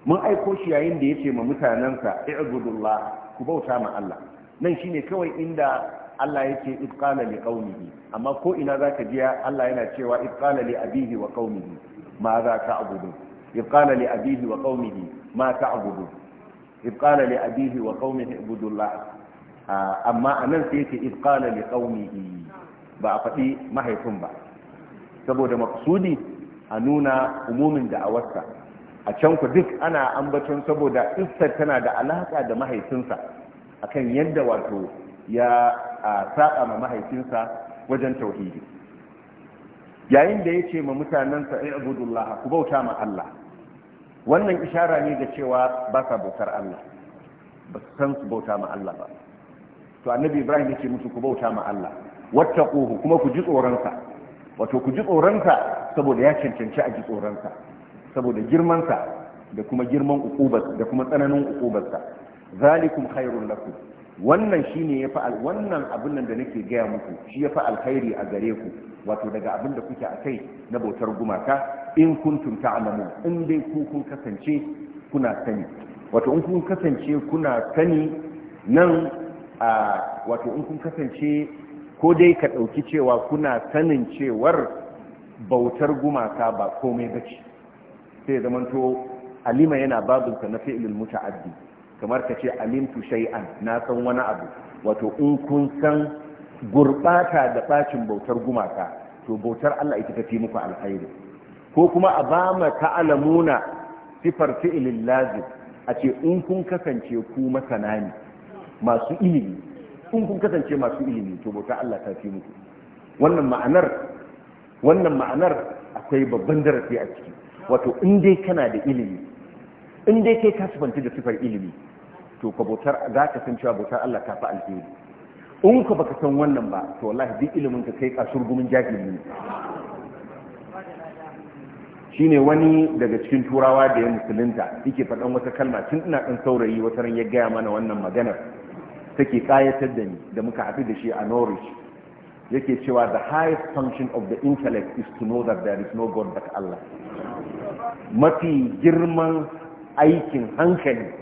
Speaker 1: mun aiko shi yayin da yace ma mutanansa i'budullah ku bauta ma Allah nan shine kawai inda Allah yace id qala li qaumihi amma ko ina zaka ji Allah yana cewa id qala li abihi wa qaumihi ma za ka abudu إذ قال لأبيه وقومه ما تعبدون إذ قال لأبيه وقومه اعبدوا الله أما أنا سيك إذ قال لقومه بأفتي ما هيكم بعد saboda maksudi a nuna umumin da a can ku duk ana ambaton saboda iskar tana da alaƙa da mahaifinsa akan yadda wato ya saƙa ma mahaifinsa wajen tauhidi yayin da ya ce ma mutanensa ya abudullah ku bauta ma Allah wannan ishara ne da cewa ba sa bautar Allah ba su san su bauta ma Allah ba to annabi ibrahim ya ce musu ku bauta ma Allah wattaquhu kuma ku ji tsoronsa wato ku ji tsoronsa saboda ya cancanci a ji tsoronsa saboda girmansa da kuma girman ukubar da kuma tsananin ukubarsa zalikum khairun lakum wannan ne ya fa'al wannan abin nan da nake gaya muku shi ya fa'al alkhairi a gare ku wato daga abin da kuke a kai na bautar gumaka in kuntum ta'lamun in dai ku kun kasance kuna sani wato in kun kasance kuna sani nan a wato in kun kasance ko dai ka ɗauki cewa kuna sanin cewar bautar gumaka ba komai ba ce. sai zamanto alima yana babinsa na fi'ilin muta'addi kamar ka ce alimtu shay'an na san wani abu wato in kun san gurbata da bacin bautar gumaka to bautar Allah ita ta fi muku alkhairi ko kuma a ba ma ta'alamuna sifar fi'ilin lazim a ce in kun kasance ku masana ne masu ilimi in kun kasance masu ilimi to bautar Allah ta fi muku wannan ma'anar wannan ma'anar akwai babban darasi a ciki wato in dai kana da ilimi in dai kai kasbanta da sifar ilimi to ka bautar za ka san cewa bautar Allah ta fi alheri in ka baka san wannan ba to wallahi duk ilimin ka kai kasur gumin jahili ne shine wani daga cikin turawa da ya musulunta yake faɗan wata kalma tun ina ɗan saurayi wata ran ya gaya mana wannan maganar take kayatar da ni da muka haɗu da shi a norwich yake cewa the highest function of the intellect is to know that there is no god but allah mafi girman aikin hankali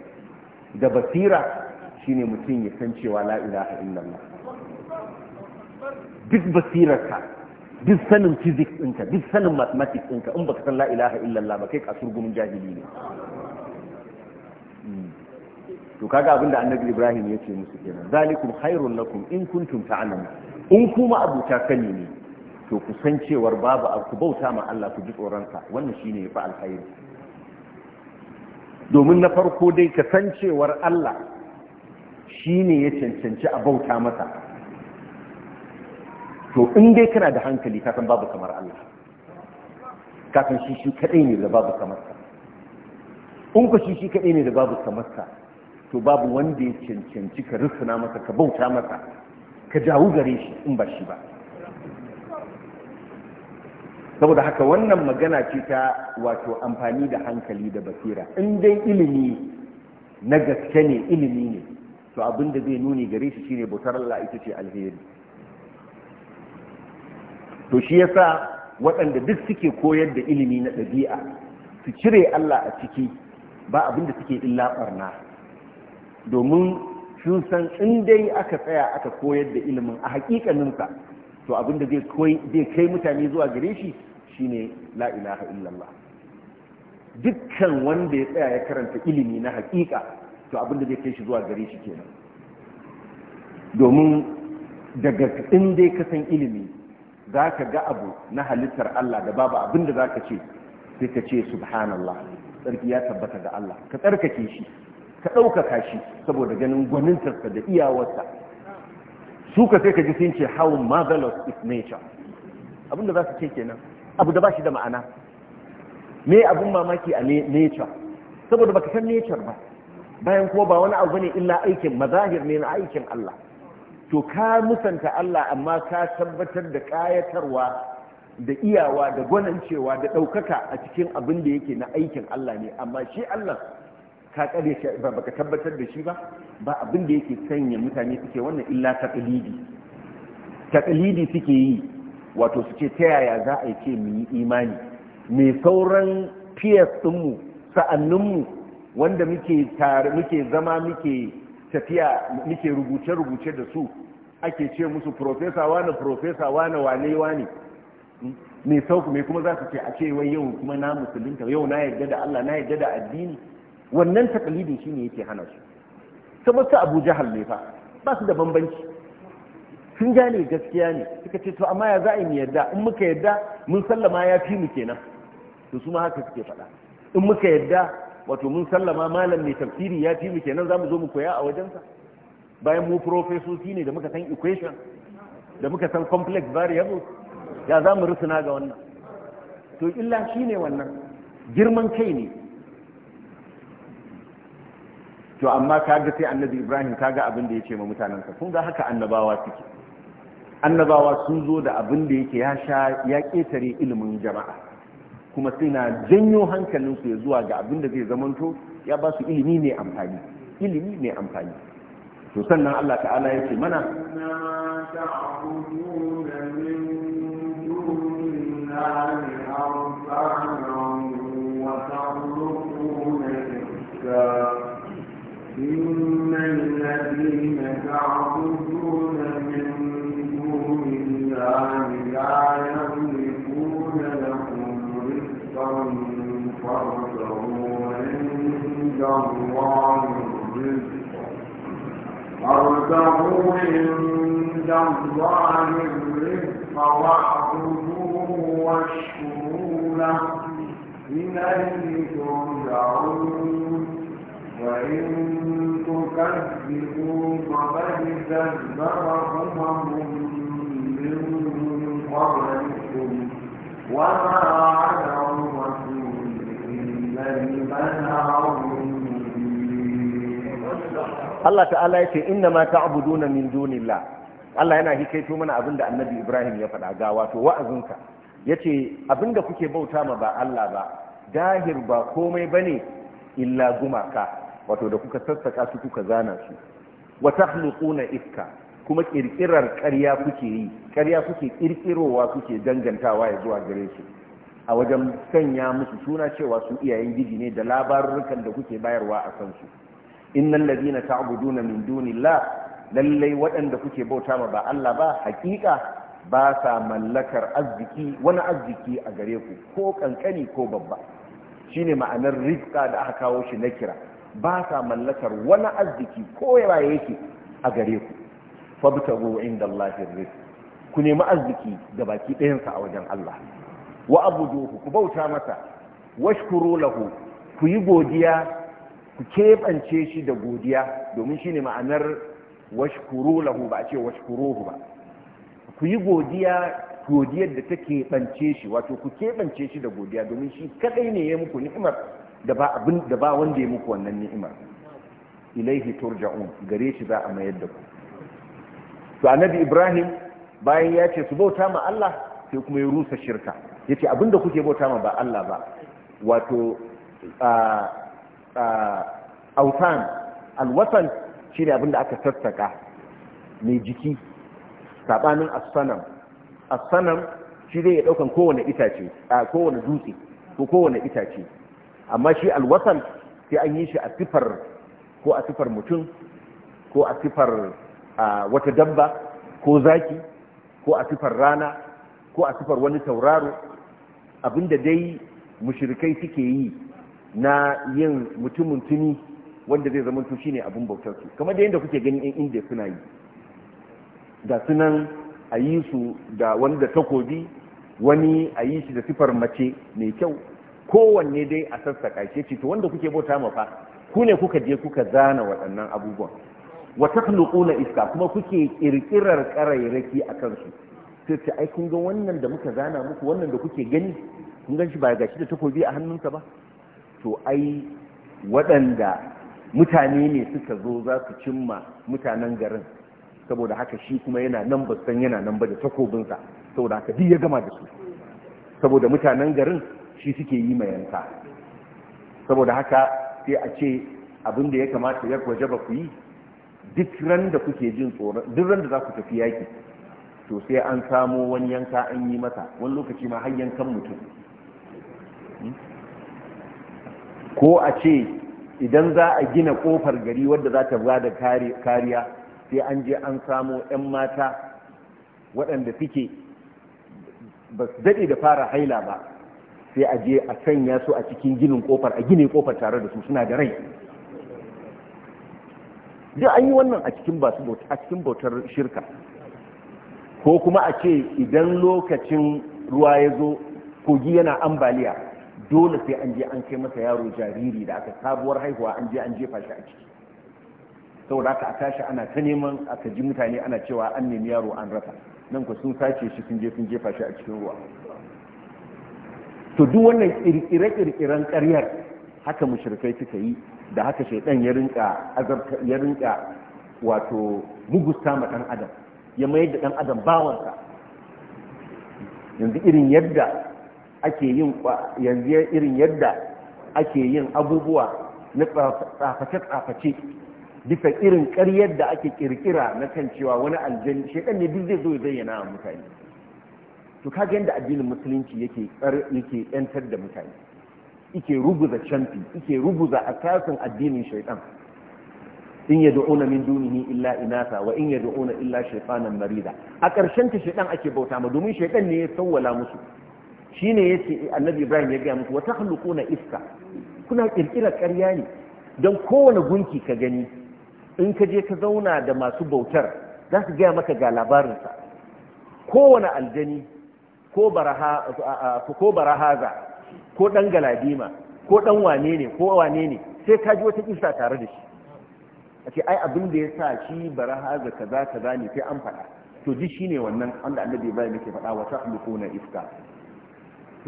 Speaker 1: da basira shine mutum ya san cewa la'ilaha illallah duk basirarka duk sanin physics ɗinka duk sanin mathematics ɗinka in baka san la'ilaha illallah ba kai kasur gumin jahili ne hmm. to kaga abinda annabi ibrahim ya ce musu kenan zalikum khairun lakum in kuntum ta'lamun in kuma abuta kani ne to ku san cewar babu ku bauta ma Allah ku ji tsoron sa wannan shine ya yafi alkhairi domin na farko dai kasancewar Allah shi ne ya cancanci a bauta masa to in dai kana da hankali kasan babu kamar Allah kasan shi shi kaɗai ne da babu kamarsa in ku shi shi kaɗai ne da babu kamarsa to babu wanda ya cancanci ka rufuna masa ka bauta masa ka jawo gare shi in ba shi ba saboda haka wannan magana ce ta wato amfani da hankali da basira in dai ilimi na gaske ne ilimi ne to abin da zai nuni gare shi shine bautar Allah ita ce alheri to shi yasa waɗanda duk suke koyar da ilimi na ɗabi'a su cire Allah a ciki ba abin da suke illa barna domin sun san in dai aka tsaya aka koyar da ilimin a hakikaninsa to abin da zai kai mutane zuwa gare shi shine la ilaha illallah dukkan wanda ya tsaya ya karanta ilimi na hakika to abinda zai kai shi zuwa gare shi kenan domin daga in da ka san ilimi za ka ga abu na halittar Allah da babu abinda za ka ce sai ka ce subhanallah tsarki ya tabbata ga Allah ka tsarkake shi ka ɗaukaka shi saboda ganin gwanintarsa da iyawarsa su ka sai ka ji sun ce how marvelous is nature abinda za su ce kenan abu da ba shi da ma'ana me abun mamaki a nature saboda baka san nature ba bayan kuma ba wani abu ne illa aikin mazahir ne na aikin Allah to ka musanta Allah amma ka tabbatar da kayatarwa da iyawa da gwanancewa da ɗaukaka a cikin abin da yake na aikin Allah ne amma shi Allah ka kare shi ba baka tabbatar da shi ba ba abin da yake sanya mutane suke wannan illa taqlidi taqlidi suke yi wato suke ta yaya za a yi ce mu yi imani me sauran peers ɗinmu sa'anninmu wanda muke zama muke tafiya muke rubuce-rubuce da su ake ce musu profesa wane profesa wane wane wane me sauku me kuma za su ce a ce wai yau kuma na musulunta yau na yarda da Allah na yarda da addini wannan takalidin shine yake hana su kamar su Abu Jahal ne ba su da bambanci sun gane gaskiya ne suka ce to amma ya za a yi mu yadda in muka yadda mun sallama ya fi mu kenan to su ma haka suke faɗa
Speaker 3: in muka yadda
Speaker 1: wato mun sallama malam mai tafsiri ya fi mu kenan za mu zo mu koya a wajensa bayan mu profesoci ne da muka san equation da muka san complex variables ya za mu rusuna ga wannan to
Speaker 3: illa shi ne wannan
Speaker 1: girman kai ne to amma kaga sai annabi ibrahim kaga abin da ya ce ma mutanensa kun ga haka annabawa suke annabawa sun zo da abin da yake ya sha ya ƙetare ilimin jama'a kuma sai na janyo hankalinsu ya zuwa ga abin da zai zamanto ya ba su ilimi mai amfani ilimi mai amfani to sannan Allah ta'ala ya ce mana
Speaker 2: إن الذين تعبدون عند الله الرزق الله له إليه ترجعون وإن تكذبوا من قبلكم وما على الرسول إلا البلاغ
Speaker 1: Allah ta'ala ya ce inna ma ta'buduna min dunillah Allah yana hikaito mana abin da Annabi Ibrahim ya faɗa ga wato wa'azinka yace abin da kuke bauta ma ba Allah ba dahir ba komai bane illa gumaka wato da kuka sassaka su kuka zana su wa takhluquna ifka kuma kirkirar ƙarya kuke yi ƙarya kuke kirkirowa kuke dangantawa ya zuwa gare su a wajen sanya musu suna cewa su iyayen gidi ne da labarurrukan da kuke bayarwa a kansu Innan ladina ta'buduna min dunillah lallai waɗanda kuke bauta ma ba Allah ba hakika ba sa mallakar arziki wani arziki a gare ku ko kankani ko babba shine ma'anar rizqa da aka kawo shi na kira ba sa mallakar wani arziki ko ya yake a gare ku fabtagu inda Allahi rizq ku nemi arziki da baki ɗayansa a wajen Allah wa abuduhu ku bauta masa washkuru lahu ku yi godiya ku keɓance shi da godiya domin shi ne ma'anar washkuru lahu ba a ce hu ba ku yi godiya godiyar da ta keɓance shi wato ku keɓance shi da godiya domin shi kadai ne ya muku ni'imar da ba abin da ba wanda ya muku wannan ni'imar ilaihi turja'un gare shi za a mayar da ku to annabi ibrahim bayan ya ce su bauta ma Allah sai kuma ya rusa shirka yace abinda kuke bauta ma ba Allah ba wato autan alwasan shine abin da aka tattaka mai jiki sabanin as asanan as shi zai daukan kowane itace kowane dutse ko kowane itace amma shi alwasan sai an yi shi a sifar ko a sifar mutum ko a sifar wata dabba ko zaki ko a sifar rana ko a sifar wani tauraro abinda dai mushrikai suke yi na yin mutumin tuni wanda zai zama shi ne abin bautar su kamar da yadda kuke gani yan indiya suna yi da sunan a yi su da wani da takobi wani a yi shi da sifar mace mai kyau kowanne dai a sassaka kashe ce to wanda kuke bauta ma fa ku ne kuka je kuka zana waɗannan abubuwan wa takhluquna iska kuma kuke kirkirar karairaki a kansu sai ce ai kun ga wannan da muka zana muku wannan da kuke gani kun gan shi ba gashi da takobi a hannunsa ba to ai waɗanda mutane ne suka zo za su cimma mutanen garin saboda haka shi kuma yana nan ba san yana nan ba da takobinsa saboda haka duk ya gama da su saboda mutanen garin shi suke yi mai yanka saboda haka sai a ce abin da ya kamata ya waje ba ku yi duk ran da kuke jin tsoron duk ran da za ku tafi yaki to sai an samo wani yanka an yi masa wani lokaci ma har yankan mutum ko a ce idan za a gina kofar gari wadda za ta ba da kariya sai an je an samo 'yan mata waɗanda suke ba su daɗe da fara haila ba sai a je a sanya su a cikin ginin kofar a gine kofar tare da su suna da rai duk an yi wannan a cikin bautar shirka ko kuma a ce idan lokacin ruwa ya zo kogi yana ambaliya dole sai an je an kai masa yaro jariri da aka sabuwar haihuwa an je an jefa shi a ciki saboda aka tashi ana ta neman aka ji mutane ana cewa an nemi yaro an rasa nan ku sun sace shi sun je sun jefa shi a cikin ruwa to duk wannan kirkire-kirkiren karyar haka mushrikai suka yi da haka shaidan ya rinka azabta ya rinka wato mugusta ma dan adam ya mayar da dan adam bawansa yanzu irin yadda ake yin yanzu irin yadda ake yin abubuwa na tsaface-tsaface bisa irin ƙaryar da ake ƙirƙira na kan cewa wani aljani shekan ne duk zai zo ya zayyana a mutane to kaga yadda addinin musulunci yake yake yantar da mutane yake rubuza canfi yake a asasin addinin shaitan in yad'una min dunihi illa inasa wa in yad'una illa shaytanan marida a ƙarshen ta shaitan ake bauta ma domin shaitan ne ya sawwala musu Shi shine yace annabi ibrahim ya gaya ga muku wa takhluquna iska kuna kirkira ƙarya ne don kowane gunki ka gani in ka je ka zauna da masu bautar za su gaya maka ga labarinsa kowane aljani ko barahaza ko ɗan galadima ko ɗan wane ne ko wane ne sai ka ji wata isa tare da shi a ce ai abin da ya sa shi barahaza kaza kaza ne sai an faɗa to ji shi ne wannan wanda annabi ibrahim yake faɗa wa na iska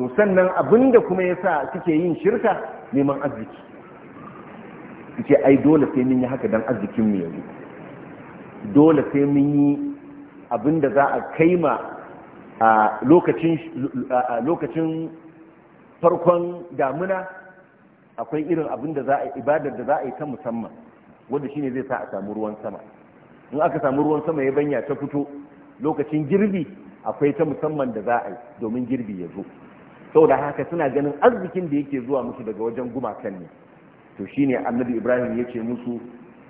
Speaker 1: to sannan abinda kuma yasa suke yin shirka neman arziki suke ai dole sai mun yi haka don arzikin mu yanzu dole sai mun yi abinda za a kaima a lokacin farkon damuna akwai irin abinda za a ibadar da za a yi ta musamman wanda shine zai sa a samu ruwan sama in aka samu ruwan sama ya banya ta fito lokacin girbi akwai ta musamman da za a yi domin girbi ya zo saboda haka suna ganin arzikin da yake zuwa musu daga wajen gumakan ne to shine annabi ibrahim ya ce musu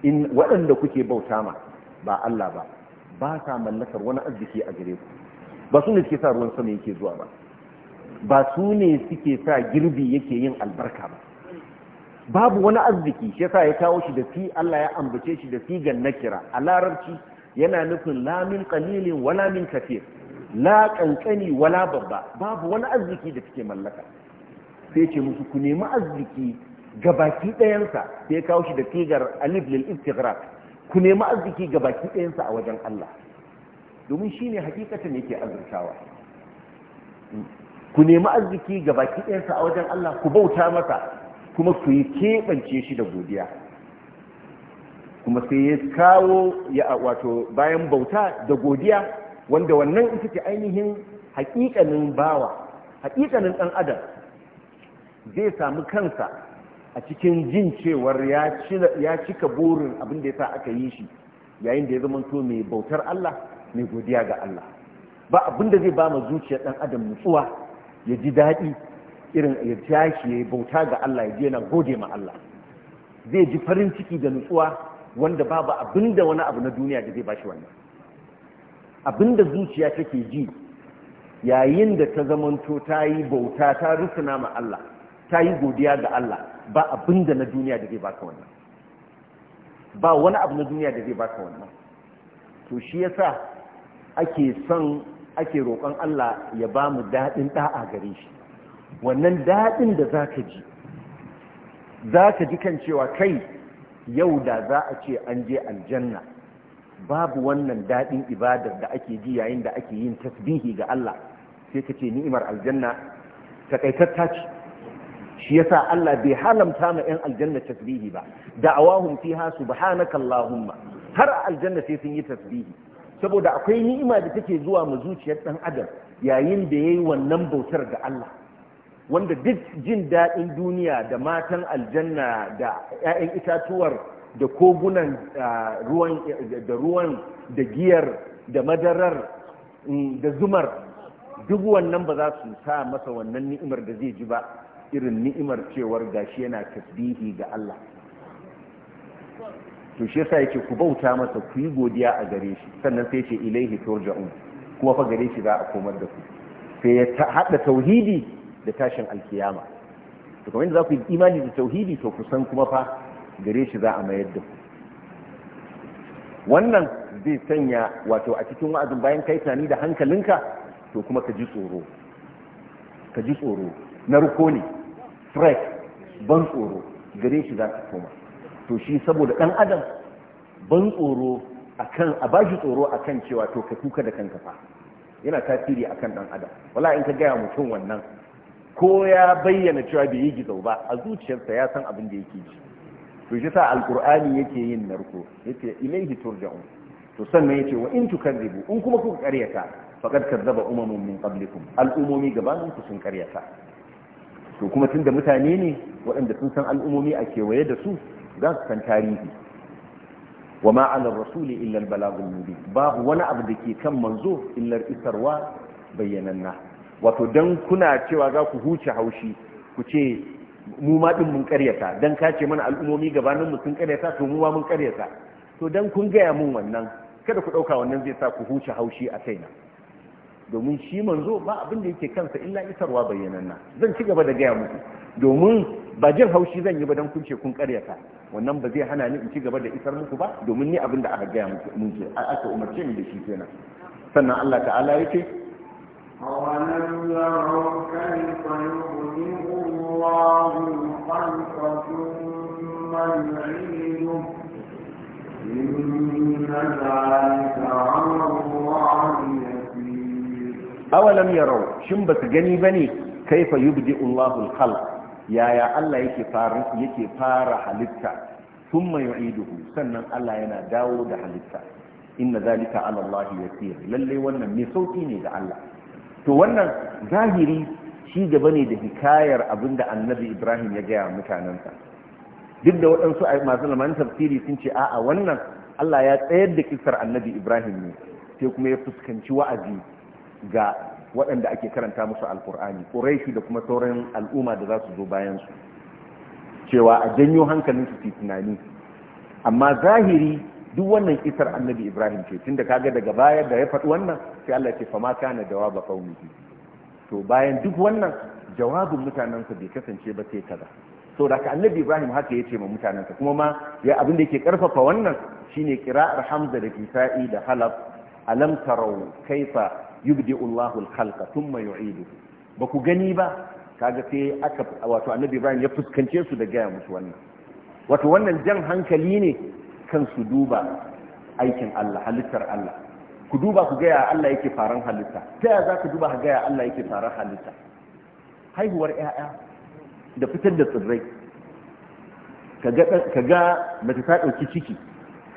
Speaker 1: in waɗanda kuke bauta ma ba allah ba ba sa mallakar wani arziki a gare ku ba su ne suke sa ruwan sama yake zuwa ba ba su ne suke sa girbi yake yin albarka ba babu wani arziki shi yasa ya kawo shi da fi Allah ya ambace shi da fi gan nakira a larabci yana nufin lamin qalilin wala min kafir la kankani wala babba babu wani arziki da suke mallaka sai ce musu ku nemi arziki ga baki ɗayansa sai ya kawo shi da tigar alif lil istighraq ku nemi arziki ga baki ɗayansa a wajen Allah domin shine hakikatan yake azurtawa ku nemi arziki ga baki ɗayansa a wajen Allah ku bauta masa kuma ku yi keɓance shi da godiya kuma sai ya kawo ya wato bayan bauta da godiya wanda wannan ita ce ainihin haƙiƙanin bawa haƙiƙanin ɗan adam zai samu kansa a cikin jin cewar ya cika burin abin da ya sa aka yi shi yayin da ya zama to mai bautar Allah mai godiya ga Allah ba abin da zai ba ma zuciyar ɗan adam nutsuwa ya ji daɗi irin ya tashi ya bauta ga Allah ya je yana gode ma Allah zai ji farin ciki da nutsuwa wanda babu abin da wani abu na duniya da zai ba shi wannan abinda zuciya take ji yayin da ta zamanto ta yi bauta ta rufuna ma Allah ta yi godiya ga Allah ba abinda na duniya da zai baka wannan ba wani abu na duniya da zai baka wannan to shi yasa ake son ake roƙon Allah ya ba mu daɗin ɗa'a gare shi wannan daɗin da za ka ji za ka ji kan cewa kai yau da za a ce an je aljanna babu wannan daɗin ibadar da ake ji yayin da ake yin tasbihi ga Allah sai ka ni'imar aljanna takaitatta ce shi yasa Allah bai halamta ma 'yan aljanna tasbihi ba da'awahum fiha subhanaka allahumma har aljanna sai sun yi tasbihi saboda akwai ni'ima da take zuwa ma zuciyar dan adam yayin da yayi wannan bautar ga Allah wanda duk jin daɗin duniya da matan aljanna da 'ya'yan itatuwar da kogunan ruwan da ruwan da giyar da madarar mm, da zumar duk wannan ba za su sa masa wannan ni'imar da zai ji ba irin ni'imar cewar gashi yana tasbihi ga Allah to shi yasa yake ku bauta masa ku yi godiya a gare shi sannan sai ce ilaihi turja'un kuma fa gare shi za a komar da ku sai ya hada tauhidi da tashin alkiyama to kamar yadda za ku yi imani da tauhidi to ku san kuma fa gare shi za a mayar da ku wannan zai sanya wato a cikin wa'azin bayan kai tunani da hankalinka to kuma ka ji tsoro ka ji tsoro na ruko ne fresh ban tsoro gare shi za ka koma to shi saboda ɗan adam ban tsoro akan a ba shi tsoro akan cewa to ka tuka da kanka fa yana tasiri akan ɗan adam wala in ka gaya mutum wannan ko ya bayyana cewa bai yi gizo ba a zuciyarsa ya san abin da yake ji to shi sa alqur'ani yake yin narko yace ilaihi turja'un to sannan yace wa in tukazzibu in kuma kuka karyata faqad kazzaba umamun min qablikum al'umomi gabanin ku sun karyata to kuma tunda mutane ne waɗanda sun san al'umomi a kewaye da su za su san tarihi wa ma ala rasuli illa al-balagul mubin babu wani abu da ke kan manzo illa isarwa bayyananna wato dan kuna cewa za ku huce haushi ku ce mu ma din mun karyata dan ka ce mana al'umomi gabanin mu sun karyata to mu ma mun karyata to dan kun gaya mun wannan kada ku ɗauka wannan zai sa ku huce haushi a kaina domin shi manzo ba abin da yake kansa illa isarwa na, zan ci gaba da gaya muku domin ba jin haushi zan yi ba dan kun ce kun karyata wannan ba zai hana ni in ci gaba da isar muku ba domin ni abin da aka gaya muku mun ce aka umarce ni da shi kenan sannan Allah ta'ala yake
Speaker 2: awalan yarau kayfa yuhyihu الله الخلق ثم يعيده إن ذلك على الله يسير
Speaker 1: أولم يروا شنبة جني بني كيف يبدئ الله الخلق يا يا الله يكي فار يكي فار حلتا ثم يعيده سنن الله ينا داود حلتا إن ذلك على الله يسير للي ونن مسوكي ني الله to wannan zahiri Shi gaba ne da hikayar abin da annabi ibrahim ya gaya mutanensa duk da waɗansu masu lamarin tafsiri sun ce a'a wannan allah ya tsayar da kisar annabi ibrahim ne sai kuma ya fuskanci wa'azi ga waɗanda ake karanta musu alkur'ani ƙuraishi da kuma sauran al'umma da za su zo bayansu cewa a janyo hankalin su tunani amma zahiri duk wannan kisar annabi ibrahim ce tun da kaga daga baya da ya faɗi wannan sai allah ce fama kana dawa ba qaumihi to bayan duk wannan jawabin mutanensa bai kasance ba sai kaza so da annabi ibrahim haka ya ce ma mutanensa kuma ma ya abin da yake karfafa wannan shine kira'ar hamza da kisa'i da halaf alam tarau kaifa yubdi'u allahu al-khalqa thumma yu'iduhu ba ku gani ba kaga sai aka wato annabi ibrahim ya fuskance su da gaya musu wannan wato wannan jan hankali ne kan su duba aikin allah halittar allah ku duba ku gaya Allah yake faran halitta ta yaya za ku duba ku gaya Allah yake faran halitta haihuwar 'ya'ya da fitar da tsirrai ka ga mace ta ɗauki ciki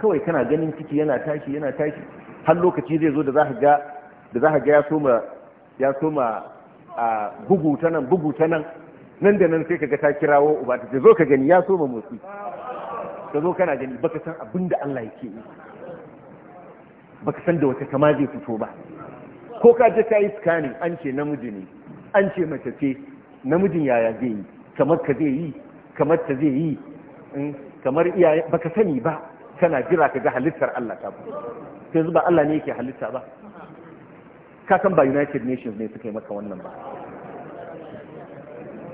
Speaker 1: kawai kana ganin ciki yana tashi yana tashi har lokaci zai zo da za ka ga da za ka ga ya soma ya soma a bugu ta nan bugu ta nan nan da nan sai ka ga ta kirawo uba ta zo ka gani ya soma motsi ka zo kana gani baka san abin da Allah yake yi baka san da wata kama zai fito ba ko ka je ka yi scanning an ce namiji ne an ce mace ce namijin yaya zai yi kamar ka zai yi kamar ta zai yi eh, kamar iyaye baka sani ba kana jira ka ga halittar Allah ta sai zuba Allah ne yake halitta ba ka san ba United Nations ne suka yi maka wannan ba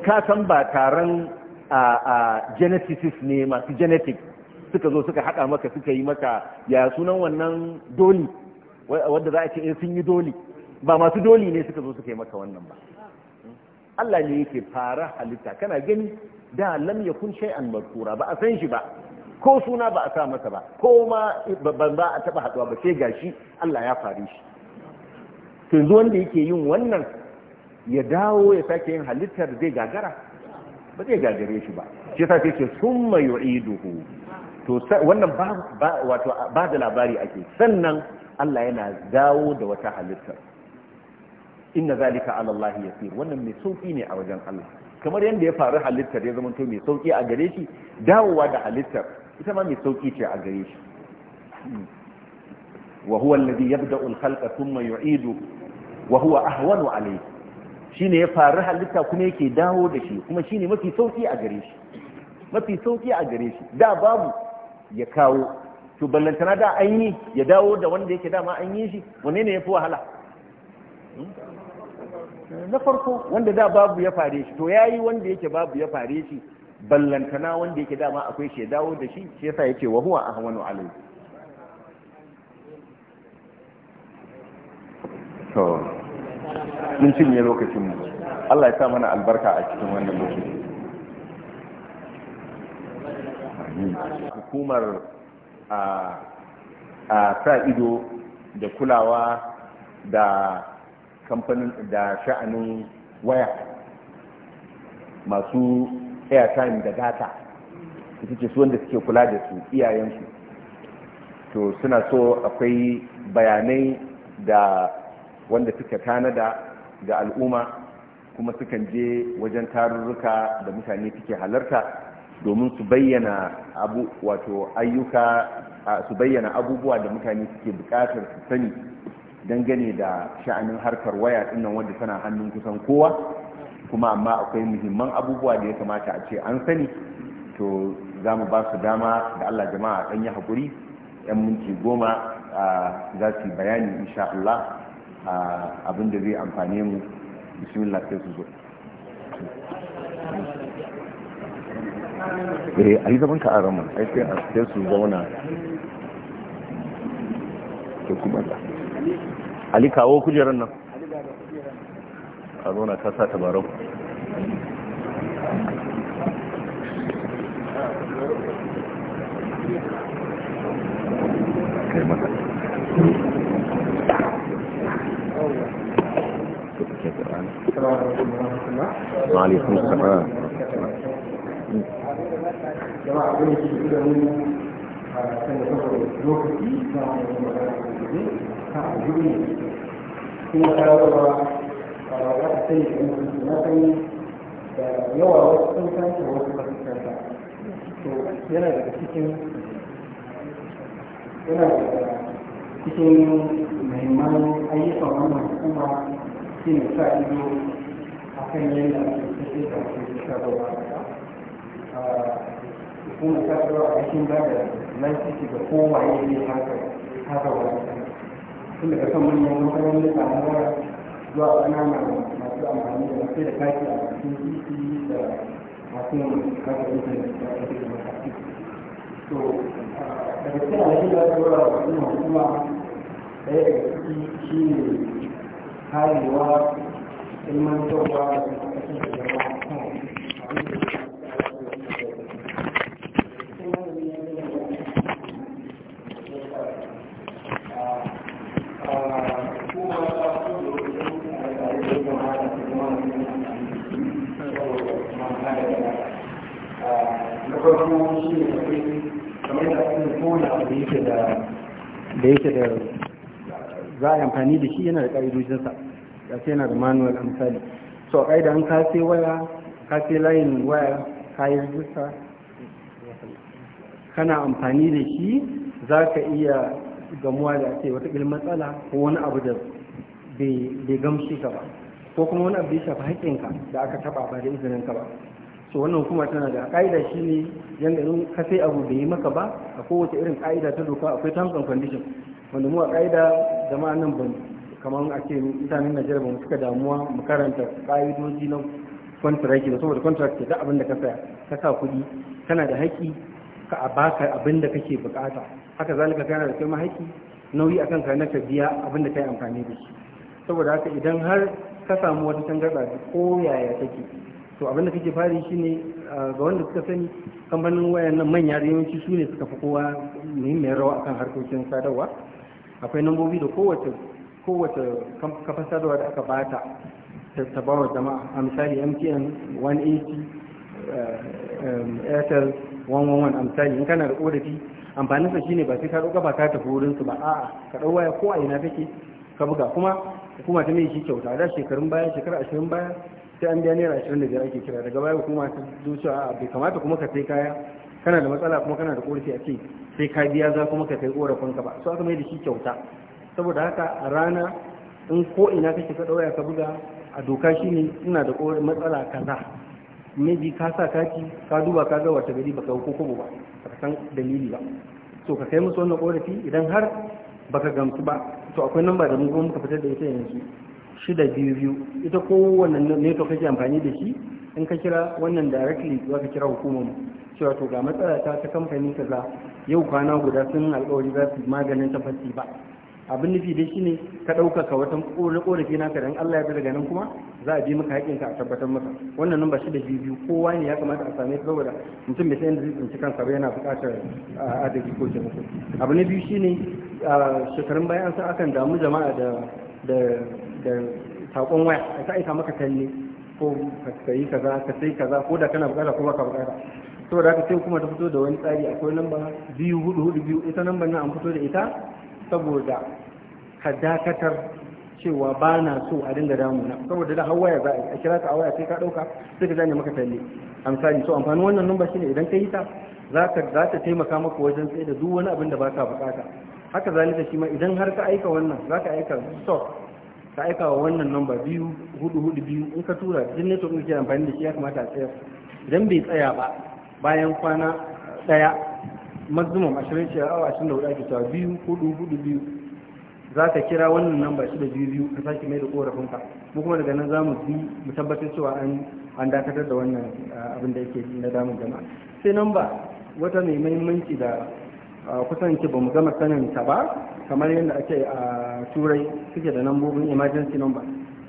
Speaker 1: ka san ba taron a geneticists ne masu genetics suka zo suka haɗa maka suka yi maka ya sunan wannan doli wadda za a ce eh, sun yi doli ba masu doli ne suka zo suka yi maka wannan ba Allah ne yake fara halitta kana gani da lam shai an madkura ba a san shi ba ko suna ba a sa masa ba ko ma ba a taba haɗuwa ba sai gashi Allah ya fare shi
Speaker 3: to yanzu wanda yake yin wannan
Speaker 1: ya dawo ya sake yin halittar zai gagara ba zai gagare shi ba shi yasa sai ce summa yu'iduhu to wannan ba wato ba da labari ake sannan Allah yana dawo da wata halittar. inna zalika ala Allah yasir wannan mai sauki ne a wajen Allah kamar yadda ya faru halittar ya zamanto mai sauki a gare shi dawowa da halittar ita ma mai sauki ce a gare shi hmm. wa huwa alladhi yabda'u al-khalqa thumma yu'idu wa huwa ahwanu alayhi shine ya faru halitta kuma yake dawo da shi kuma shine mafi sauki a gare shi mafi sauki a gare shi da babu ya kawo to ballantana da an yi ya dawo da wanda yake dama an yi shi wane ne ya fi wahala
Speaker 4: hmm?
Speaker 1: na farko wanda da babu ya fare shi to ya yi wanda yake babu ya fare shi ballantana wanda yake dama akwai shi ya dawo da shi shi yasa yake wa huwa ahwanu alayhi to mun cinye lokacin mu Allah ya sa mana albarka a cikin wannan lokacin. hukumar a sa ido da kulawa da kamfanin da sha'anin waya masu airtime da data ita ce su wanda suke kula da su iyayensu to suna so akwai bayanai da wanda suka tanada da al'umma kuma sukan je wajen tarurruka da mutane suke halarta domin su bayyana ayyuka su bayyana abubuwa da mutane suke bukatar su sani dangane da sha'anin harkar waya dinnan wanda tana hannun kusan kowa kuma amma akwai muhimman abubuwa da ya kamata a ce an sani to za mu ba su dama da Allah jama'a dan yi hakuri yan minti goma za su bayani insha Allah abin da zai amfane mu bismillah sai su zo eh a yi zaman ka a ramin ai sai a sai su zauna to kuma da ali kawo kujerar nan a zauna ka sa tabarau
Speaker 2: jama'a abin da ke da mu a kan da kawai lokaci na wani magana da ke sai da kai da yawa ba yana daga cikin yana muhimman ayyukan wannan hukuma shi ne sa ido a kan yadda ake tafiya da ake hukumar ta tsaro a cikin ba da ga kowaye ne haka haka wani tun daga kan manyan makarantar da kamar zuwa ƙanana masu amfani da masu da kaki a cikin titi da masu kasa intanet da ake da mataki to daga cikin alaƙi da tsaro a cikin hukuma shi ne karewa ilmantarwa da kuma kasance shi
Speaker 3: da yake da za a amfani da shi yana da ƙa'idojinsa ya yana da manuwar a so a ƙa'ida an kase waya kase layin waya kayan rijista kana amfani da shi za ka iya gamuwa da ake wata matsala ko wani abu da bai gamshi ka ba ko kuma wani abu da ya shafi haƙƙinka da aka taɓa ba da izinin ka ba to wannan hukuma tana da ka'ida shine ne in ka sai abu bai yi maka ba a kowace irin ka'ida ta doka akwai terms and wanda mu a ka'ida zama nan ban kamar ake mutanen Najeriya ba mu suka damuwa mu karanta ka'idoji na contract da saboda contract ke da abin da ka saya ka sa kuɗi kana da haƙƙi ka a baka abin da kake bukata haka ka kana da kai haƙƙi nauyi akan ka na ka biya abin da kai amfani da shi saboda haka idan har ka samu wata tangarɗa ko yaya take to abin da kake fari shi ne, ga wanda suka sani kamfanin wayan nan manya da yawanci su ne suka fi kowa muhimmiyar rawa kan harkokin sadarwa akwai nambobi da kowace kowace kafar sadarwa da aka bata ta tabawar jama'a a misali mtn 180 eh, eh, airtel 111 a misali in kana da korafi amfaninsa shine ba sai ka ɗauka ba ka tafi wurinsu ba a'a ka ɗau waya ko a ina kake ka buga kuma hukuma ta mai shi kyauta da shekarun baya shekara ashirin baya sai an biya naira ashirin da biyar ake kira daga baya kuma ta zuciya a bai kamata kuma ka sai kaya kana da matsala kuma kana da korafi a ce sai ka biya za kuma ka kai korafin ka ba su aka mai da shi kyauta saboda haka a rana in ko ina kake ka ɗauya ka buga a doka shi ne ina da matsala kaza maybe ka sa kati ka duba ka ga wata gari baka ko kobo ba baka san dalili ba to ka kai musu wannan korafi idan har baka gamsu ba to akwai namba da mu muka fitar da ita yanzu shida biyu biyu ita kowane ka kake amfani da shi in ka kira wannan directly za ka kira hukumar cewa to ga matsala ta ta kamfani kaza yau kwana guda sun alƙawari za su maganin tafasi ba abin nufi dai shine ka ɗaukaka wata ƙorafi naka dan Allah ya daga nan kuma za a bi maka haƙinka a tabbatar maka wannan nan ba shi da biyu kowa ne ya kamata a same saboda mutum bai san da zai tsinci kansa ba yana buƙatar adadi ko taimako abu na biyu shine shekarun bayan an san akan damu jama'a da da saƙon waya a ta aika maka talle ko ka sayi kaza ka sai kaza ko da kana bukata ko baka bukata saboda haka sai kuma ta fito da wani tsari akwai namba biyu hudu hudu biyu ita namba nan an fito da ita saboda ka dakatar cewa ba na so a dinga damuna saboda da hawa ya za a kira ta a waya sai ka ɗauka sai ka zane maka talle a misali so amfanin wannan namba shine idan ka yi ta za ta taimaka maka wajen tsaye da duk wani abin da baka bukata haka zalika shi ma idan har ka aika wannan za ka aika stop ka aika wa wannan namba biyu hudu hudu biyu in ka tura jin ne da ke amfani da shi ya kamata a tsaya idan bai tsaya ba bayan kwana daya maximum ashirin ce awa ashirin da hudu ake cewa biyu hudu hudu biyu za ka kira wannan namba shida biyu biyu ka sake mai da korafinka mu kuma daga nan za mu bi mu tabbatar cewa an an dakatar da wannan ah, abin da yake na damun jama'a sai namba wata mai mahimmanci da kusan ba bamu gama sanin ta ba kamar yadda ake a turai suke da lambobin emergency number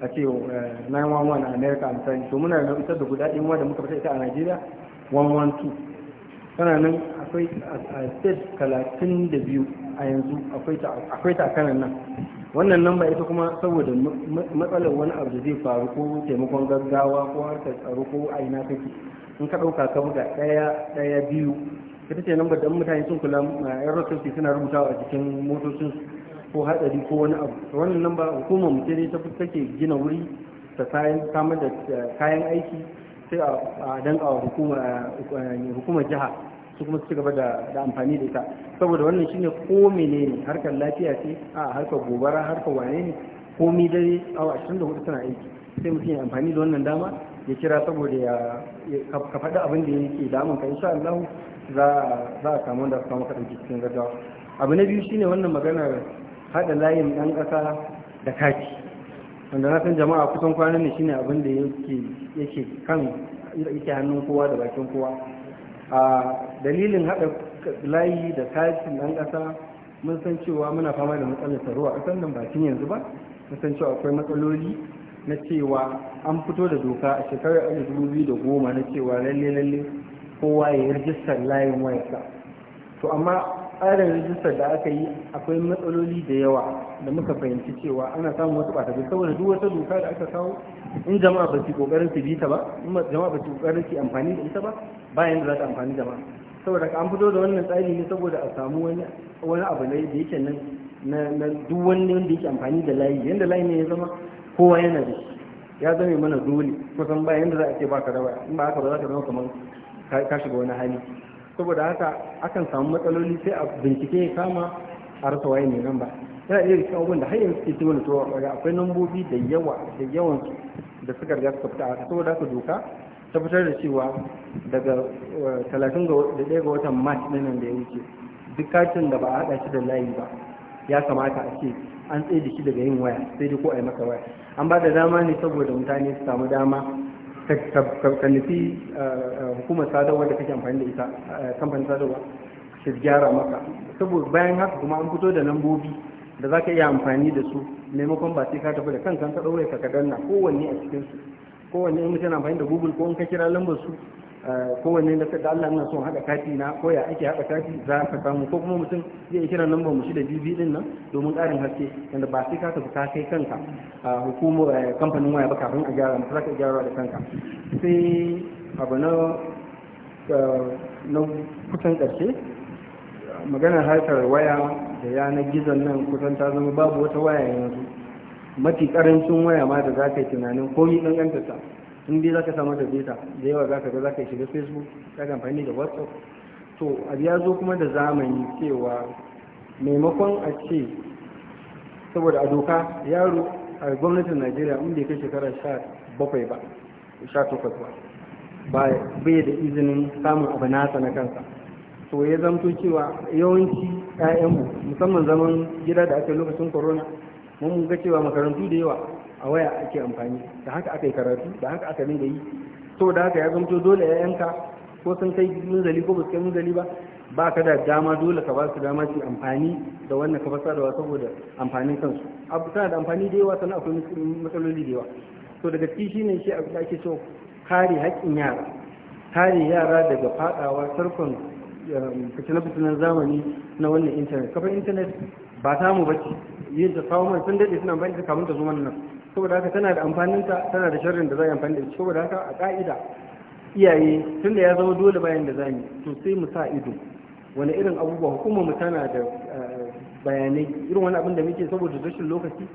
Speaker 3: a ce 911 eh, a america misali to muna da ita da guda ɗin wadda muka fita ita a nigeria 112 tana nan akwai a state 32 a yanzu akwai ta a kanan nan wannan nan ita kuma saboda matsalar wani abu da zai faru ko taimakon gaggawa ko harkar tsaro ko aina kake in ka ɗauka ka buga ɗaya ɗaya biyu ita ce lambar da mutane sun kula yan rasosi suna rubutawa a cikin motocin ko hadari ko wani abu wannan lamba hukumar mu ce ta take gina wuri ta samar da kayan aiki sai a dan a hukumar jiha su kuma su ci gaba da amfani da ita saboda wannan shine ko menene harkar lafiya ce a harkar gobara harkar wane ne komi dare awa hudu suna aiki sai mutum ya amfani da wannan dama ya kira saboda ya ka faɗi abin da yake damun ka insha Allah za a samu da samu kaɗan cikin gajawa abu na biyu shine wannan maganar haɗa layin ɗan ƙasa da kati wanda na san jama'a kusan kwanan ne shine abin da yake kan yake hannun kowa da bakin kowa a dalilin haɗa layi da kati ɗan ƙasa mun san cewa muna fama da matsalar tsaro a ƙasar nan bakin yanzu ba mun san cewa akwai matsaloli na cewa an fito da doka a shekarar 2010 na cewa lalle lalle kowa ya yi rijistar layin wayarsa to amma tsarin rijistar da aka yi akwai matsaloli da yawa da muka fahimci cewa ana samun wasu ɓata saboda duk wata doka da aka kawo in jama'a ba su kokarin su bi ta ba in jama'a ba su kokarin su amfani da ita ba bayan da za ta amfani da ba saboda an fito da wannan tsari ne saboda a samu wani wani abu da yake nan na duk wani wanda yake amfani da layi yanda layi ne ya zama kowa yana da shi ya zame mana dole kusan ba yanda za a ce ba ka da in ba haka ba za ka zama kamar ka shiga wani hali saboda haka akan samu matsaloli sai a bincike ya kama a rasa waye ne nan ba yana iya rikin abubuwan da har yanzu suke cimin tuwa akwai lambobi da yawa da yawan da suka riga suka fita a saboda haka doka ta fitar da cewa daga eh, talatin da ɗaya ga watan mars ɗin nan da ya wuce duk katin da ba a haɗa shi da layi ba ya kamata a ce an tsaye da shi daga yin waya sai dai ko a yi masa waya an ba da dama ne saboda mutane su samu dama ka nufi hukumar sadarwa da kake amfani da ita kamfanin sadarwa su gyara maka saboda bayan haka kuma an fito da lambobi da za ka iya amfani da su maimakon ba sai ka tafi da kanka ka ɗaure ka kadanna kowanne a cikinsu, kowanne in mutum amfani da google ko in ka kira lambar su Eh, kowanne da da Allah ina son haɗa kati na ko ya ake haɗa kati za ka samu ko kuma mutum zai kira lambar mu shida bibi din nan domin ƙarin haske wanda ba sai ka tafi ka kai kanka hukumar eh, kamfanin waya ba kafin a gyara mutum ka gyara da kanka sai abu na eh, na kusan ƙarshe maganar harkar waya da yanar gizon nan kusan ta zama babu wata waya yanzu mafi ƙarancin waya ma da za ka yi tunanin ko yi ɗan ta in dai ka samu da data da yawa za zaka ga ka shiga facebook zaka amfani da whatsapp to abu ya zo kuma da zamani cewa maimakon a ce saboda a doka yaro a gwamnatin najeriya in bai kai shekara sha bakwai ba sha takwas ba bai da izinin samun abu nasa na kansa to ya zamto cewa yawanci 'ya'yanmu musamman zaman gida da aka lokacin corona mun ga cewa makarantu da yawa a waya ake amfani da haka aka yi karatu da haka aka da yi to da haka ya zamto dole ya yanka, ko sun kai munzali ko ba su kai munzali ba ba ka da dama dole ka ba su dama su amfani da wannan ka fasa da saboda amfanin kansu abu tana da amfani da yawa sannan akwai matsaloli da yawa to daga ciki shine shi abu da ake so kare haƙƙin yara kare yara daga fadawa sarkon fitina um, fitinan zamani na wannan intanet kafin intanet ba ta mu ce, yin da kawo sun daɗe suna bayan ta kamun ta zuwa nan saboda haka tana da amfaninta tana da sharrin da za a yi amfani da shi saboda haka a ka'ida iyaye tun da ya zama dole bayan da zami to sai mu sa ido wani irin abubuwa hukumar mu tana da eh, bayanai irin wani abin da muke saboda rashin lokaci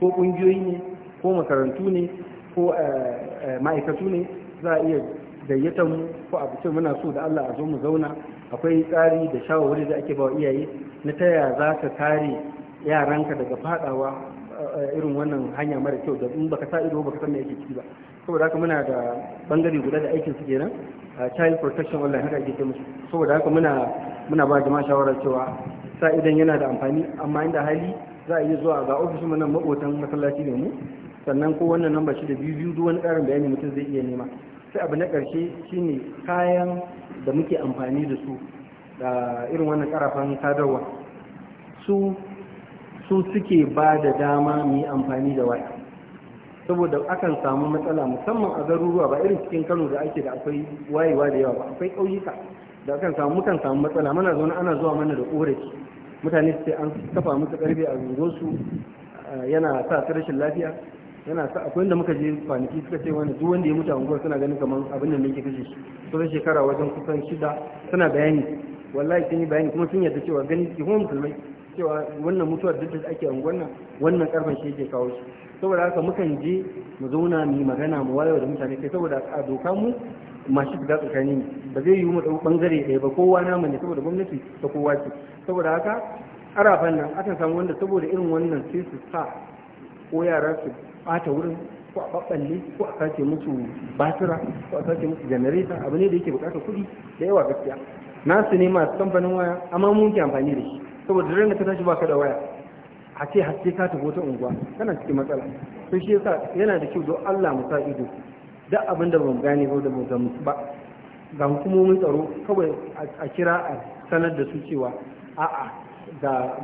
Speaker 3: ko kungiyoyi ne ko makarantu ne ko eh, eh, ma'aikatu ne za a iya gayyatar mu ko a ce muna so da Allah a zo mu zauna akwai tsari da shawarwari da ake ba wa iyaye na ta yaya za ka kare yaranka daga fadawa irin wannan hanya mara kyau da in baka sa ido baka san me yake ciki ba saboda haka muna da bangare guda da aikin su kenan child protection online haka ake musu saboda haka muna muna ba jama'a shawarar cewa sa idan yana da amfani amma inda hali za a iya zuwa ga ofishin mu nan makotan masallaci ne mu sannan ko wannan namba shi da biyu biyu duk wani karin bayani mutum zai iya nema sai abu na ƙarshe shine kayan da muke amfani da su da irin wannan karafan sadarwa su su suke ba da dama mu yi amfani da waya saboda akan samu matsala musamman a garuruwa ba irin cikin kano da ake da akwai wayewa da yawa ba akwai ƙauyuka da akan samu mukan samu matsala mana zaune ana zuwa mana da ƙorafi mutane su ce an kafa musu ƙarfi a zungonsu eh, yana sa su rashin lafiya yana sa akwai wanda muka je kwanaki suka ce wani duk wanda ya mutu a unguwar suna ganin kamar abin da nake kashe shi kusan shekara wajen kusan shida suna bayani wallahi sun yi bayani kuma sun yarda cewa gani ki kuma musulmai cewa wannan mutuwar duk da ake wannan wannan karfin shi yake kawo shi saboda haka mukan je mu zauna mu magana mu wayo da mutane kai saboda a doka mu masu shiga tsakanin ba zai yi mu dau bangare ɗaya ba kowa mu ne saboda gwamnati ta kowa ce saboda haka arafan nan akan samu wanda saboda irin wannan sai su sa ko yara su bata wurin ko a babballe ko a sace musu batura ko a sace musu janareta abu ne da yake bukatar kuɗi da yawa gaskiya nasu ne masu kamfanin waya amma mun ke amfani da shi saboda daren da ka tashi baka da waya a ce haske ka tafi wata unguwa kana cikin matsala to shi yasa yana da kyau don Allah mu sa ido da abin da bamu gane ba da ban gamu ba ga hukumomin tsaro kawai a kira a sanar da su cewa a'a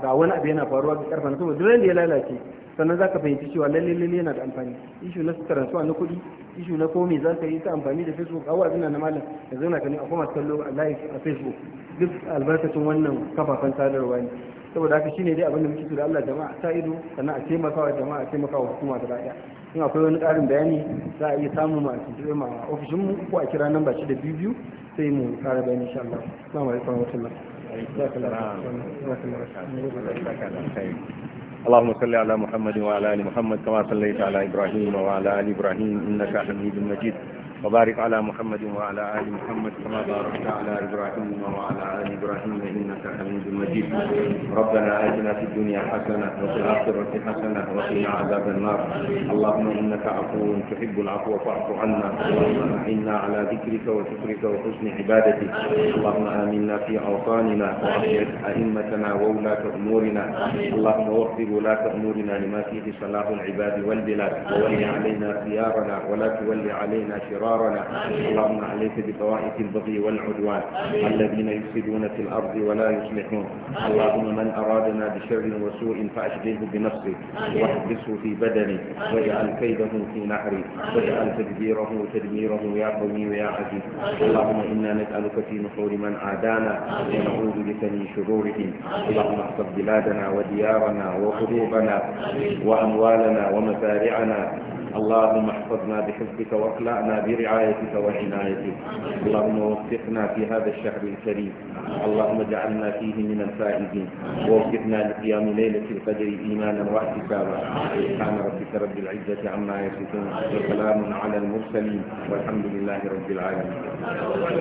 Speaker 3: ga wani abu yana faruwa da karfa na saboda duk da ya lalace sannan za ka fahimci cewa lalle lalle yana da amfani ishu na transfer na kuɗi ishu na komi za ka yi ta amfani da facebook awa abin na malam da zauna ka ne a kuma kallo a live a facebook duk albarkacin wannan kafafen sadarwa ne saboda haka shine dai abinda da muke tura Allah jama'a ta ido sannan a taimakawa jama'a a taimakawa hukuma da baya in akwai wani ƙarin bayani za a iya samu ma tuntuɓe ma ofishin mu ko a kira nan ba shi da biyu biyu sai mu ƙara bayani insha Allah assalamu alaikum wa barakatuh
Speaker 1: اللهم صل على محمد وعلى ال محمد كما صليت على ابراهيم وعلى ال ابراهيم انك حميد مجيد وبارك على محمد وعلى
Speaker 3: آل محمد كما باركت على إبراهيم وعلى آل إبراهيم إنك حميد مجيد ربنا آتنا في الدنيا حسنة وفي الآخرة حسنة وقنا عذاب النار
Speaker 1: اللهم إنك عفو تحب العفو فاعف عنا اللهم إنا على ذكرك وشكرك وحسن عبادتك اللهم آمنا في أوطاننا وأحيت أئمتنا وولاة أمورنا اللهم وفق ولاة أمورنا لما فيه صلاح العباد والبلاد وولي علينا خيارنا ولا تولي علينا شرارنا أبصارنا اللهم عليك بطوائف البغي والعدوان الذين يفسدون في الأرض ولا يصلحون اللهم من أرادنا بشر وسوء فأشغله بنفسه واحبسه في بدنه واجعل كيده في نحره واجعل تدبيره وتدميره يا قوي يا عزيز اللهم إنا نسألك في نحور من عادانا ونعوذ بك من شرورهم اللهم احفظ بلادنا وديارنا وقلوبنا وأموالنا ومزارعنا اللهم احفظنا بحفظك واخلعنا برعايتك وعنايتك اللهم وفقنا في هذا الشهر الكريم اللهم اجعلنا فيه من الفائزين ووفقنا لقيام ليلة القدر إيمانا واحتسابا سبحان ربك رب العزة عما يصفون وسلام على المرسلين والحمد لله رب
Speaker 4: العالمين